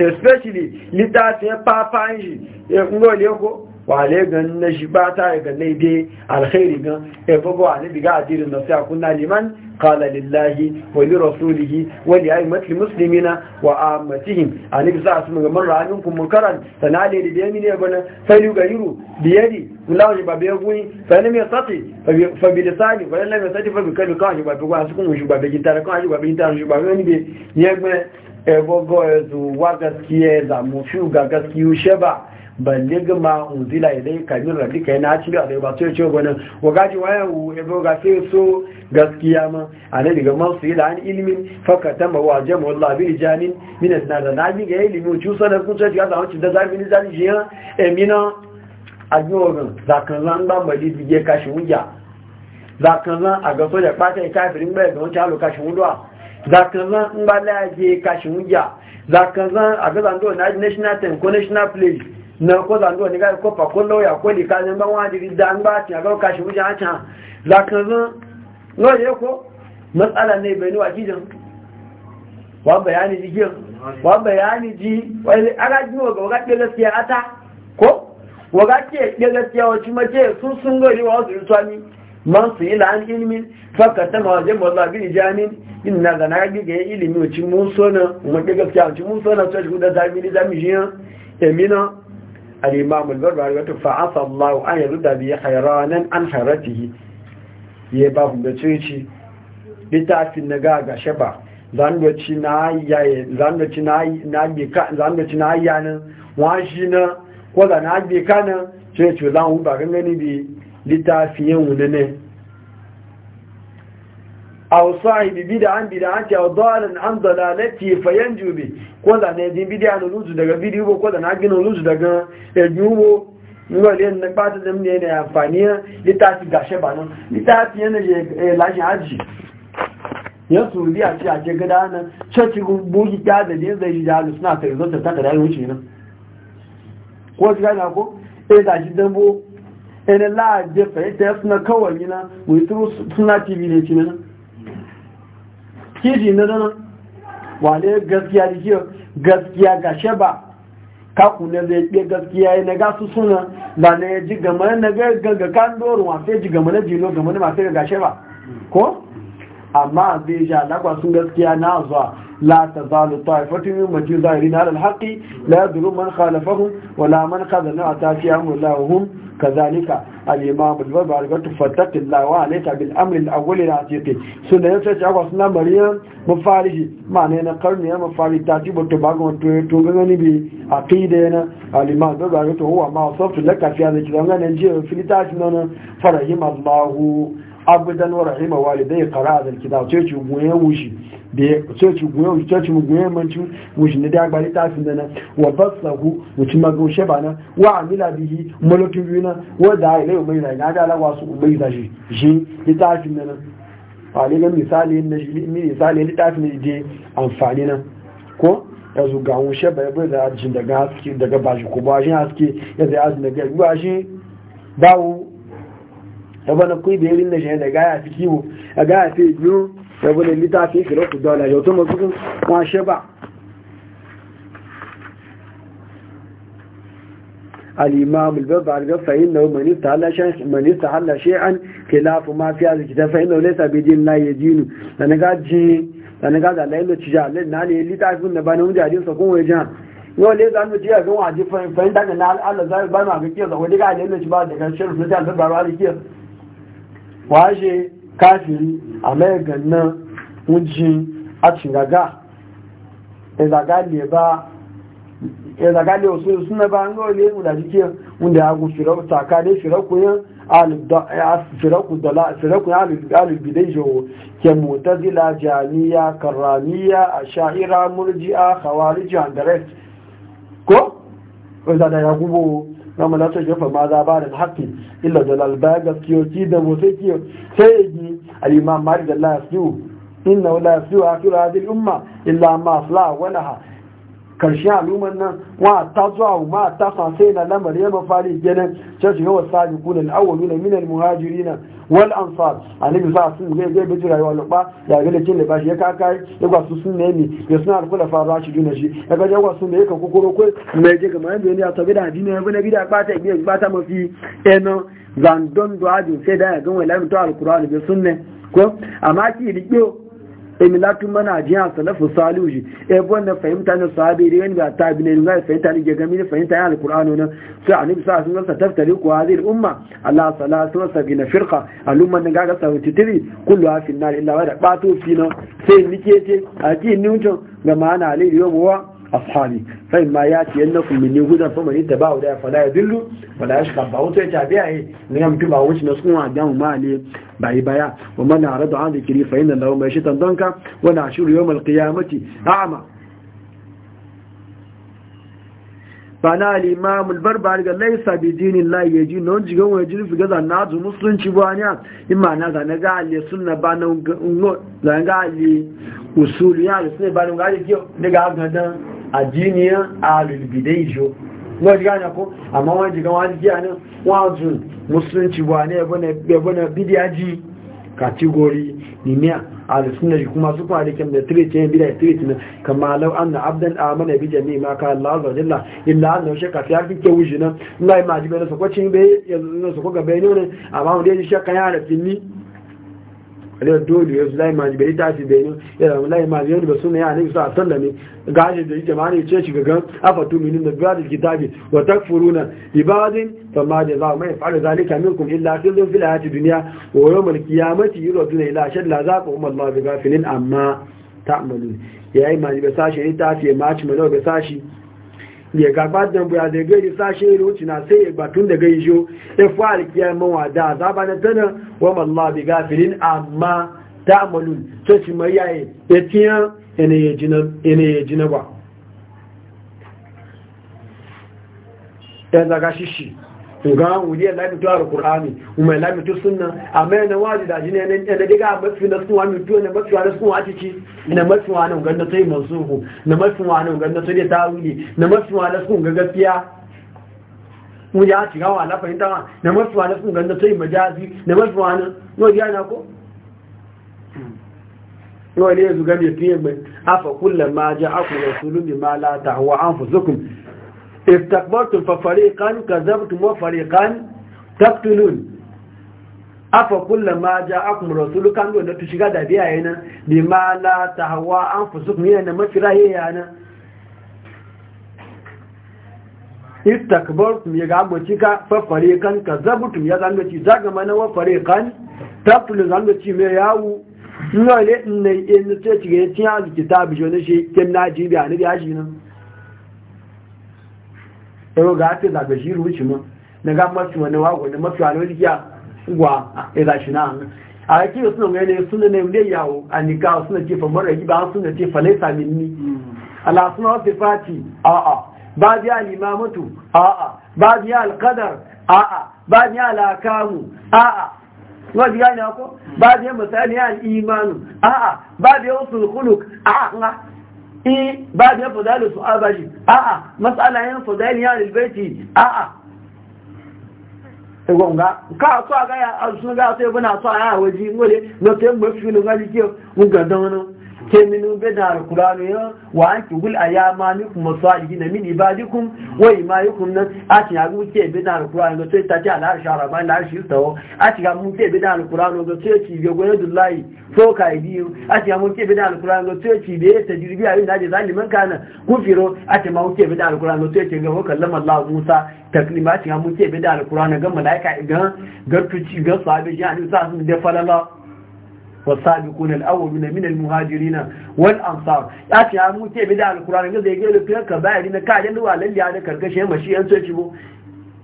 especially littafin fafan shi ya kungole ko wale gan na shi ba ta ga nai dai alkhairi gan e bago ani diga adirin da sai kunna liman qala lillahi wa li rasulihi wa li aimati muslimina wa ammatihim ani bisa su ga man ra'ayin kun munkaran sanale da dai ne bana sai yu gariru biyadi wallahi ba bai guni sai ne mai sati fa bi lisani wa lam yasati fa bi kalbi kan shi ba bi gwa su kun shi ba bi gitar kan shi ba bi gitar shi ba ne ne Egogo ya zuwa gaskiya ya zamu ga gaskiyu sheba ba balle gama unzila idai kamil rabbi kai na ci da ba to ce gwanin wagaji waya wu ego ga sai so gaskiya ma annabi ga su yi da an ilimin fakata ma wa jama wallahi bi janin min an na bi ga ilimi ju sana ku ce ga zamu ci da zamu ni zani jiya emina ajorin zakan zan ba mali bige kashi wuya zakan zan a ga so da fata kafirin bai ga wancan lokacin wuduwa zakazan in ba laje kashin zakazan a ga zando na national team ko national play na ko zando ni ga ko pa ko lauya ko li kazan ban wa diri dan ba ti ga kashin wuya a zakazan no ye ko matsala ne bai ni wa kijin wa bayani jikin wa bayani ji wai aga ji wa ga ga gaskiya ata ko wa ga ke gaskiya wa ci mace sun sun gari wa su tsani man su an la'an ilimin faka ta mawajen wallah bi jami'in in na gana ya ga ilimi wa cin mun sona wanda gaskiya cin mun sona ta shuda ta bi da shi yan emina al-imam al-barbari wa fa asa Allah an yurda bi hayranan an haratihi ya ba ku da cici litafin na ga ga shaba zan na yaye zan da ci na na bi ka zan da ci na yana wa shi na ko da na bi kana ce ce zan hu ba ganin bi littafiyan wunane aw sahibi bid'an bid'ati aw dalan an dalalati fayanju bi ko da ne din bid'a no luzu daga bidiyo ko da na gina luzu daga ejuwo ngole na ba ta dem ne ne amfani litati gashe ba no litati ne je eh, la haji ya suri a ci a ce gada na caci bugi ta da ne zai ji jalu suna ta izota ta da yayin wuce nan ko ji gana ko eh da shi dambo ina la'aje fahimta ya suna kawai yana wuturu suna tv da ci nana kiji na nan wale gaskiya da gaskiya ga sheba ka na zai ɗe gaskiya ya na gasu suna da na ya ji gama na ga ga kan doron wafe ji gama na jino gama na mafi ga sheba ko amma zai ja lagwa sun gaskiya na zuwa لا تزال طائفة من مجي ظاهرين على الحق لا يدر من خالفهم ولا من خذ نعتا في أمر الله وهم كذلك الإمام البربر قلت فتك الله وعليك بالأمر الأول العتيق سنة يسرج أقوى سنة مريم مفارج معنى أن قرن مفارج تاتيب التباق وتوغنني بعقيدنا الإمام البربر قلت هو ما وصفت لك في هذا الكلام أنا نجي في التاتيب فرحم الله abudan wa walidai qara da kitab sai ci wushi da ya ci goyen wushi sai ci manci wushi ne da gbari ta sun dana wa basahu wuci mago shebana wa amila bihi mulukin yuna da ilai mai na ga lawa su ubai da shi shi litafin fali ga misali ne misali litafin ne je amfani na ko yanzu ga wushe bai bai da jin daga haske daga bashi ko bashi haske yanzu ya jin daga bashi bawo ẹgbọ́n kú ìbẹ̀ rí nẹ̀ṣẹ̀ ẹ̀gáyà fi kíwò ẹ̀gáyà fi ìlú ẹgbọ́n lè lítà fi ìkìlọ́pù dọ́là yọ tó mọ̀ tó wọ́n ṣẹ́bà da الببعر فإنه من استحل شيئا من استحل شيئا خلاف ما في هذا الكتاب فإنه ليس بدين لا يدين أنا قاعد جي yau ne zanu ga fahimta ga na Allah zai ba mu ga kiyar da wani ga a ci ba shirin ta da kiyar waje kafiri a mai ganna wujin a cingaga ezaga le osu suna ba an gole mu da jike wanda ya gu firaku takane firaku yin firaku dala firaku yin alibidai a sha'ira murji'a ko? ya na mu lati jofa ma za ba da haƙƙi illa dalal ba gaskiyo ci da motsi kiyo sai yi al-imam malik da lafiyu inna la yafiu akhiru hadhihi al-umma illa ma aslaha wa laha karshe al'umman nan wa ta zuwa ma ta fasai na lamar ya mafari kenan sai su yawa sabi kunan awwalu na muhajiri na. wal ansar annabi sa sun zai zai bi rayuwa luba ya ga lakin da bashi ya kaka ya ga su sun nemi ya suna alkula fa za shi duna shi ya ga jawa sun da yake kokoro ko mai je kamar yanda ya tabi da addini ya bi na bida bata biya bata mafi eno zandon do ajin sai da ya gama wala mutu alqur'ani bi sunne ko amma ki dikiyo emilatu mana jiya salafu saluji ji ebo na fahimta na sahabi da wani ba ta bi ne ga fahimta ne ga gami ne fahimta ya alqur'ano na sai annabi sa sun sa taftari ku zai umma Allah salatu wa na firqa al-umma ne ga ga tiri kullu afi fi nar illa wa da batu fi na sai nike ce a ji ni ga ma'ana alayhi yawwa ashabi sai ma ya ce yanna kun minni gudan fa man ittaba da ya yadillu wala yashqa ba wato ta biya yi ne ya mutum ba wuce na sunwa wadan mu mali bai baya wa man arada an zikri fa inna lahu ma shaitan danka wa shur yawm qiyamati a'ma bana al barbar ga laysa bi din layi ya ji na wa jiri fi gaza na zu musulunci ba ne ima na zane ga al sunna ba na zane ga ali usulu ya ale ba na ga ale kiyo daga agadan àdíniyàn alùlùbìdé ìjọ wọ́n jí gánà kó àmá wọ́n jí gán wọ́n jí àní wọ́n tún musulunci wà ní ẹbọ́nà bídíájí kategori nimiya a da suna ji kuma su kwari kem da tiriti yin bida tiriti na kama lau an na abdan amana bi jami ma ka Allah wa jalla illa an naushe ka fiya fi kyau wuji nan ina yi maji bai na sakwacin bai yanzu na sakwa gaba ne wani amma wanda ya ji shakka ya harafin ni da dole ya zulai ma jibiri ta fi benin ya zulai ma yau da suna ya su a san da ne gashi da yake mani ce shiga gan afatu min da bada kitabi wa takfuruna bi ba'din fa ma da za mai fa'ala zalika minkum illa khizun fil hayati dunya wa yawm al qiyamati yuraduna ila ashad la zaqum Allah bi ghafilin amma ta'malun yayi ma jibe sashi ta fi ma ci malo ga sashi ya gabatar buya e da gari sashe ne wuce na sai ya batun da gai jo ya fara kiyaman wada zaba na tana wa malla bi gafirin amma ta amalun ta ci mai yaye ya tiya ina ya jina ba ya zaga nga wuje lami to alqur'ani umma lami to sunna amma yana waji da jine ne da diga mafi na suwa mi to ne mafi na suwa ciki na mafi wa nan ganda sai mansuhu na mafi wa nan ganda sai tawili na mafi wa na sun ga gaskiya mu ya ci gawa la fahimta na mafi wa na sun ganda sai majazi na mafi wa nan no ya na ko no ne zuga ne fiye mai afa kullama ja'akum rasulun bima la tahwa anfusukum istakbartum fa fariqan kazabtum wa fariqan taqtulun afa kullama ja'akum rasulun kan wanda tu shiga da biya yana bima la tahwa anfusukum yana mafira yana istakbartum ya ga mace ka fa fariqan kazabtum ya zanga ci zaga mana wa fariqan taqtulun zanga ci me yawo nole ne in ce ci ga ci al kitabi jone shi kin naji bi anabi ashi nan yau ga ta zaɓe shi rubuci mun na ga mafi wani wago na mafi wani wani ya gwa ya e shi na a yake da suna wani suna ne wule yawo a nika suna ce fa mara ba suna ce fa laisa ni ala suna wasu fati a'a ba biya limamatu a'a ba biya alkadar a'a ba biya alakamu a'a wọ́n ti gani ọkọ́ bá biya masani al'imanu a'a ba biya wasu huluk a'a eh ba da fadalu su abaji a'a matsala yan fadalu ya albayti a'a ta gonga ka so ga ya sun ga so ibuna ya na waji ngole ya te mu fi no ga ji ke keminu beda alkuranu ya wa anki gul ayama minkum masalihi na min ibadikum wa imayukum nan a ci ga muke beda alkuranu ga sai ta ci ala shara ba na shi to a ci ga muke beda alkuranu ga sai ci ga go dullahi so ka idi a ci ga muke beda alkuranu ga sai ci be ta jirbi ayi da zalimin kana kufiro a ci ma ke beda alkuranu ga sai ci ga kallama Allah Musa taklima ga mu ke muke beda alkuranu ga malaika ga ga tuci ga sahabi ji an sa su da falala والسابقون الأولون من المهاجرين والأنصار ياتي عمو تي بدا القرآن قد يقول لك لك بايرين كاجن دوا للي أنا كركش هم شيء أنت تشبو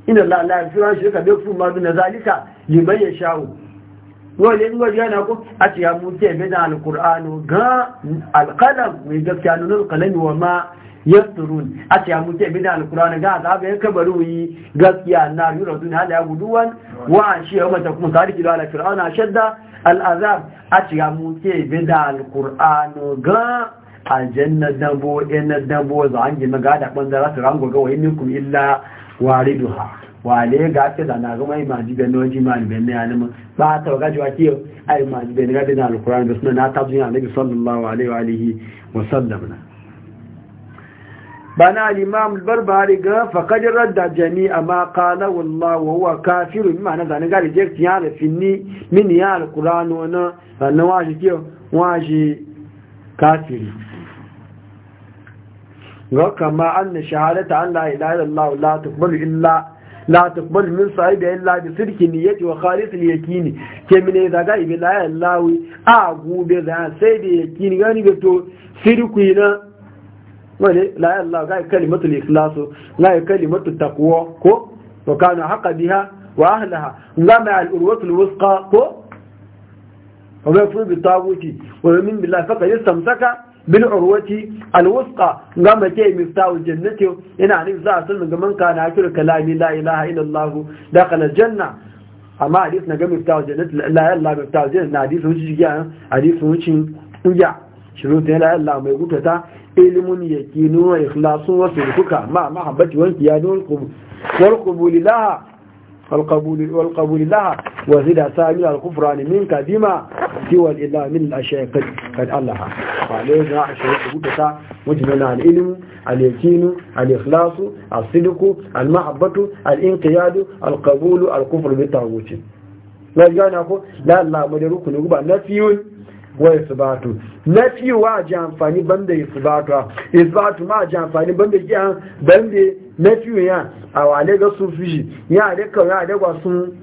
إن الله لا يغفر عن شرك بيغفر ما دون ذلك لمن يشاء wani yin wajen yana ku a ce ya mutu bai da alkur'anu ga alkalam mai gaskiya nunar kalami wa ma yasturun a ce ya mutu da alkur'anu ga azaba ya kabaru yi gaskiya na yura dun hala ya guduwan wa shi ya mata kuma sarki da ala fir'auna shadda al'azab a ciga muke bida al'ur'anu ga aljanna dabo ina dambo za an gina gada da za su rango ga wa yi kuma illa wari duha wale ga ake da na gama imaji bai na wajen imani bai na yanima ba ta waga jiwa kiyo a imaji bai na gada na al'ur'anu da suna na tabbin da sallallahu alaihi wa alihi wa sallam na بنا الإمام البربري قال فقد رد جميع ما قال الله وهو كافر بمعنى ذلك قال جيك يعرف فيني من يا القرآن وانا فانا واجي كيو واجي كافر وكما أن شهادة أن لا إله إلا الله لا تقبل إلا لا تقبل من صاحب إلا بصدق نية وخالص اليقين من إذا قال إلا الله أعقوب إذا سيد يقين يعني بتو سرقنا wani la Allah ga kalimatul ikhlas ga kalimatul taqwa ko wa kana haqa biha wa ahliha ga ma al urwatul wusqa ko wa ga fi bitaguti wa min billahi faqad istamsaka bil urwati al wusqa ga ma miftahu jannati ina za a kana kalami la ilaha illa Allah dakhala janna amma hadis na la Allah ya ya shiru ta la Allah mai gutata ilimin yakinu wa ikhlasun wa sirkuka ma mahabbati wa qiyadul qubul wal qubul laha wal qabul wal qabul laha wa zida sa'il al kufran minka bima siwa al ilah min al ashaqat kad allaha wa alayhi wa ashaqatu ta mujmala al ilmu al yakinu al ikhlasu al sidqu al mahabbatu al inqiyadu al qabulu al kufru bi tawuti la jana ko la la madaruku ne ba nafiyun wa isbatu nafi wa ji amfani banda isbatu isbatu ma ji amfani banda ya an banda nafi ya a wale ga sun fi ya da ka ya da ba sun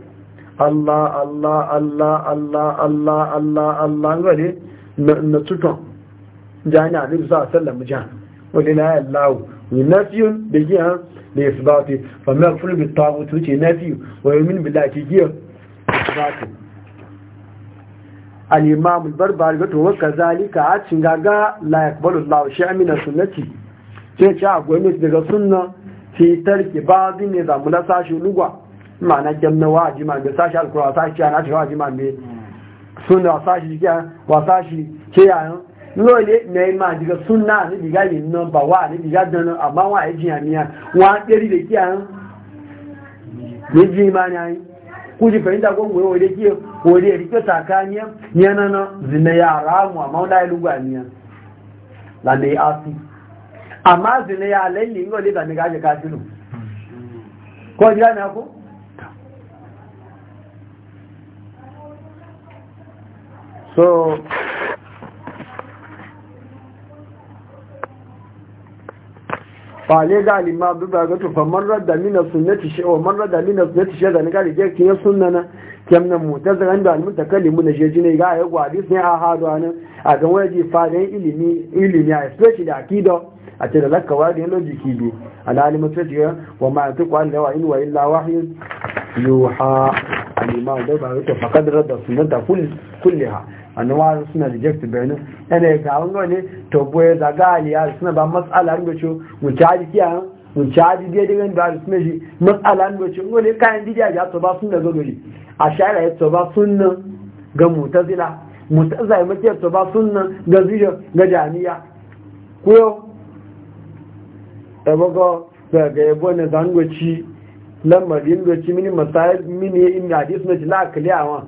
Allah Allah Allah Allah Allah Allah Allah ne na tuton jani a nabi sallallahu alaihi wasallam jan wani la ilaha nafiyun da giya da ya sabati fa ma fulu bi tawutu ce nafiyu wa yumin billahi giya sabati al bar al-barbari ga to wa kazalika a cin gaga la yaqbalu Allah shay'a min sunnati sai ce a gwamnati daga sunna fi tarki ba'dhi ne da mula sashi lugwa ma'ana janna wajima da sashi al-qur'an sashi ana cewa wajima ne sunna sashi kiya wa sashi kiya lóòlé mẹ́ẹ̀má àdìgọ́ súnà níbìgá yìí nọmbà wà níbìgá dáná àmá wà ẹjì àmìyà wọ́n á pẹ́rí lè kí ne méjì máa ní ku kú ti fẹ̀yìntà kó wọ́n wọ́n da kí wani ya rike takaniyar yanana zina yara mu a maula ya lugwa niyan zane ya asu amma zina ya lalli yi ne zane gaje kasiru ko jira ne ku? so fale ga alima duba ga tufa marar da mina sunnati shi wa marar da mina sunnati shi da ni ga rige ke sunna na kemnan mu ta zan da almu takallimu na shi ne ga ya gwadi sai a hado anan a ga waje fale ilimi ilimi a especially akida a ce da zakka wa da jiki bi al ta tajiya wa ma tuqu an lawa in wa illa wahyu yuha alima duba ga tufa qadra da sunnata kulliha annawa suna reject benin yana ya kawon gane to ya zaga da suna ba matsala an gaco wuce haji kiya wuce haji dai daga da suna shi matsala an gaco wani kayan didiya ya to ba sun da gagari a shara ya to ba sun nan ga mutazila mutazila ya mace to ba sun nan ga zuwa ga jami'a kuyo ebogo ga yabo na zangoci lamarin gaci mini masayar mini ina hadis na jila la'akali a wani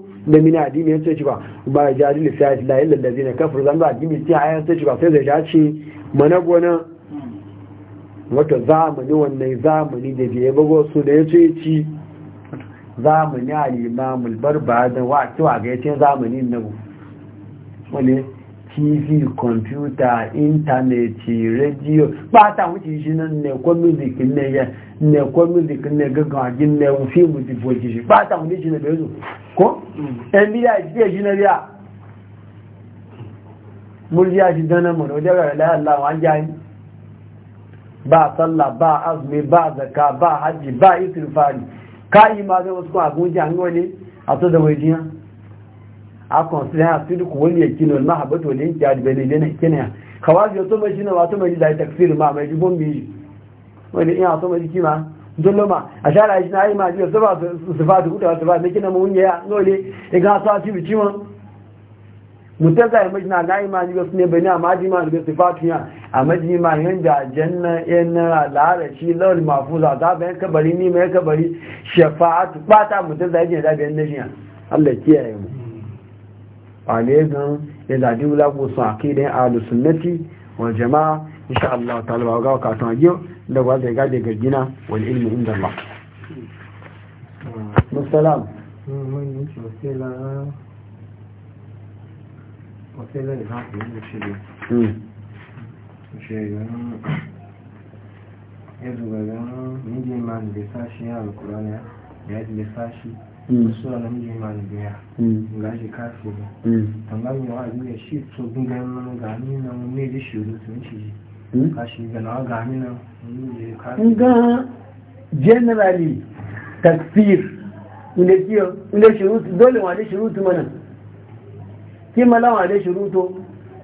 da mina addini ya ce ba ba ya jadi lissafi la illa allazina zan ba addini ce ayan ce ba sai zai ya ce mana gona wata zamani wannan zamani da biye bago su da ya ce ci zamani a limamul barba da wa to ga yace na nabu tv kọmpútà íńtánẹ̀tì rédíò pátá wọ́n ti ṣe náà nẹ̀kọ́ music nẹ̀yẹ nẹ̀kọ́ music nẹ̀gẹ́gàn àti nẹ̀wù fíìmù ti bò jìṣì pátá wọ́n ti ṣe náà ko kọ́ ẹ̀mí àìsí ẹ̀ṣí náà rí à mo rí àti dáná mọ̀nà ọjọ́ rẹ̀ láàlá àwọn ajá ba sallah ba azumi ba zaka ba hajji ba isrifari káyìí máa fẹ́ wọ́n sọ àgúnjẹ àwọn ọ̀lẹ́ àtọ́dọ̀wọ̀ akon sai ha su duk wani yake ne ma habato ne yake da bane ne kenya khawaji to mai shine wato mai da takfir ma mai jibon mi wani ina to mai kima dulloma a shara shi na yi ma jiya saba sifatu kuta wata ba mai kina mun ya nole iga sa ci bici mun mutaza ya majina na yi ma jiya su ne bai na ma da sifatu ya a maji ma yanda janna yana larashi lawal mafuza ta bayan kabari ni mai kabari shafa'atu ba ta mutaza ya da bayan nashiya Allah kiyaye mu ɓalegan ya zaɗi wulaƙo su a kai da sunnati wa jama'a insha Allah ta ba ga katon a yau da ba ya gade ga gina wani ilmi inda ba. Musalam. Hmm, hmm. ya zuba ganin mijin ma da sashi ya alkura ya da sashi su alamdi mandiya ngaji kafi tangami wa ajiye shi to gungan gani na ne da shi rutun shi mm. kashi ni gani na ne kafi ga generally takfir inda kiyo inda shurutu dole wa da shurutu mana ki mala wa da shurutu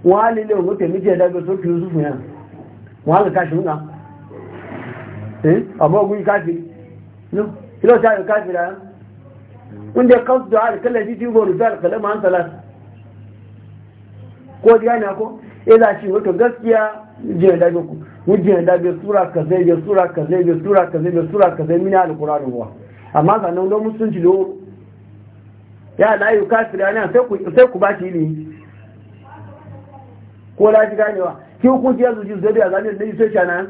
wa lile mu te mi je da go so ki yusuf ya wa ga kashi na eh abo gun kafi no kilo ta kafi da kun da kansu da hali kallafi shi gori da kalama an talata ko diya ne ko ya eh, za shi wato gaskiya jiya da ku wujin da bai sura ka zai bai sura ka zai bai sura ka zai bai sura ka zai mina alƙur'anin ruwa amma sannan don musulunci da ya layu kafir yana sai ku sai ku ba shi ilimi ko la gani ganewa ki hukunci ya zuji zai biya zanin da sai shana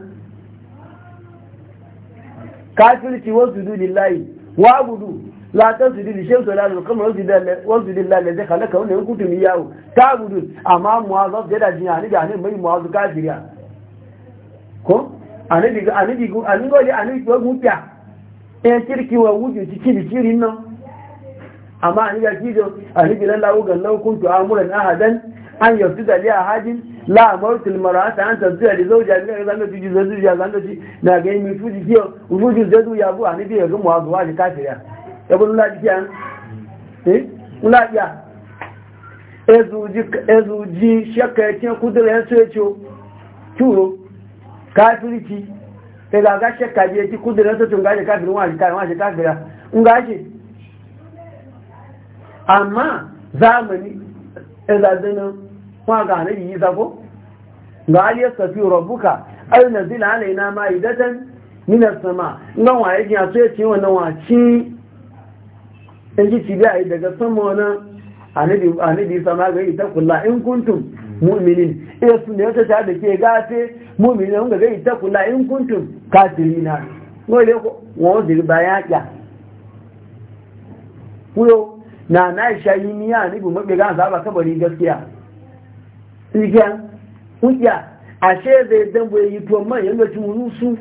kafirci wa zudu layi. wa gudu la tasjudu li shamsi wala lil qamari wasjudu lillahi alladhi khalaqahu in kuntum iyyahu ta'budun amma mu'azzab da da jin da ne mu'azu mu'azzu ya. ko anabi ga anabi go anabi ga anabi go mutiya eh kirki wa wuju cikin cikin nan amma anabi ga lau anabi lallahu ga law kuntu amuran ahadan an yaftiza li ahadin la amartu almar'ata an tazira li zawjiha min zan da ji zan da ji na ga mi fuji kiyo wuju zadu ya bu anabi ga mu'azzu wa kafiriya ẹgbẹ́ ńlájíà ńlájíà ẹzùjí ṣẹ́kẹ̀ tí ó kúdẹ̀rẹ̀ ẹ́sọ́ ẹ̀ṣọ́ túró káàkiri ti ẹgbàgá ṣẹ́kàjẹ́ tí kúdẹ̀rẹ̀ ẹ́sọ́ tí ó ń gáṣẹ́ káàkiri wọ́n àṣíkà wọ́n àṣíkà gbẹ̀rẹ̀ ń gáṣẹ́ àmá záàmì ẹzàdẹ́nà wọ́n àgbà àrẹ́ yìí zago gáàlẹ́ sọ̀fí rọ̀bùkà ayọ̀nà zílà alẹ́ iná máa ìdẹ́tẹ́ nílẹ̀ sọ̀mà ń gbọ́n in ji cibiya daga sama wani anabi sama ga ita kula in kuntum mu'minin iya eh, su ne ta da ke gafe mu'minin wanda ga ita kula in kuntum kafirina wale wọn ziri bayan ya kuyo na na shayi ni ya anabi maɓe gan saba kabari gaskiya tsikiya kuya ashe zai dambo yi tuwon man yanga cin su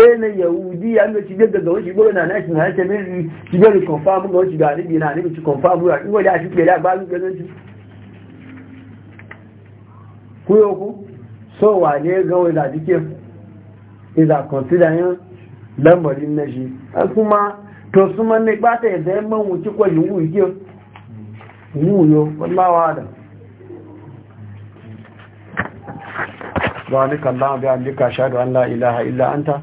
sai na yahudi ya ga shi daga wani shigo na nashi na nashi mai shigo da confirm ga wani shiga alibi na alibi shi confirm ya in wani shi ke da ba su ganin shi ku ku so wane ga wani da jike iza consider yin lambarin na shi a kuma to su man ne ba ta yadda yin man wuce kwa yi wuyi ke wuyo wallawa da ذلك الله بأمرك أشهد أن لا إله إلا أنت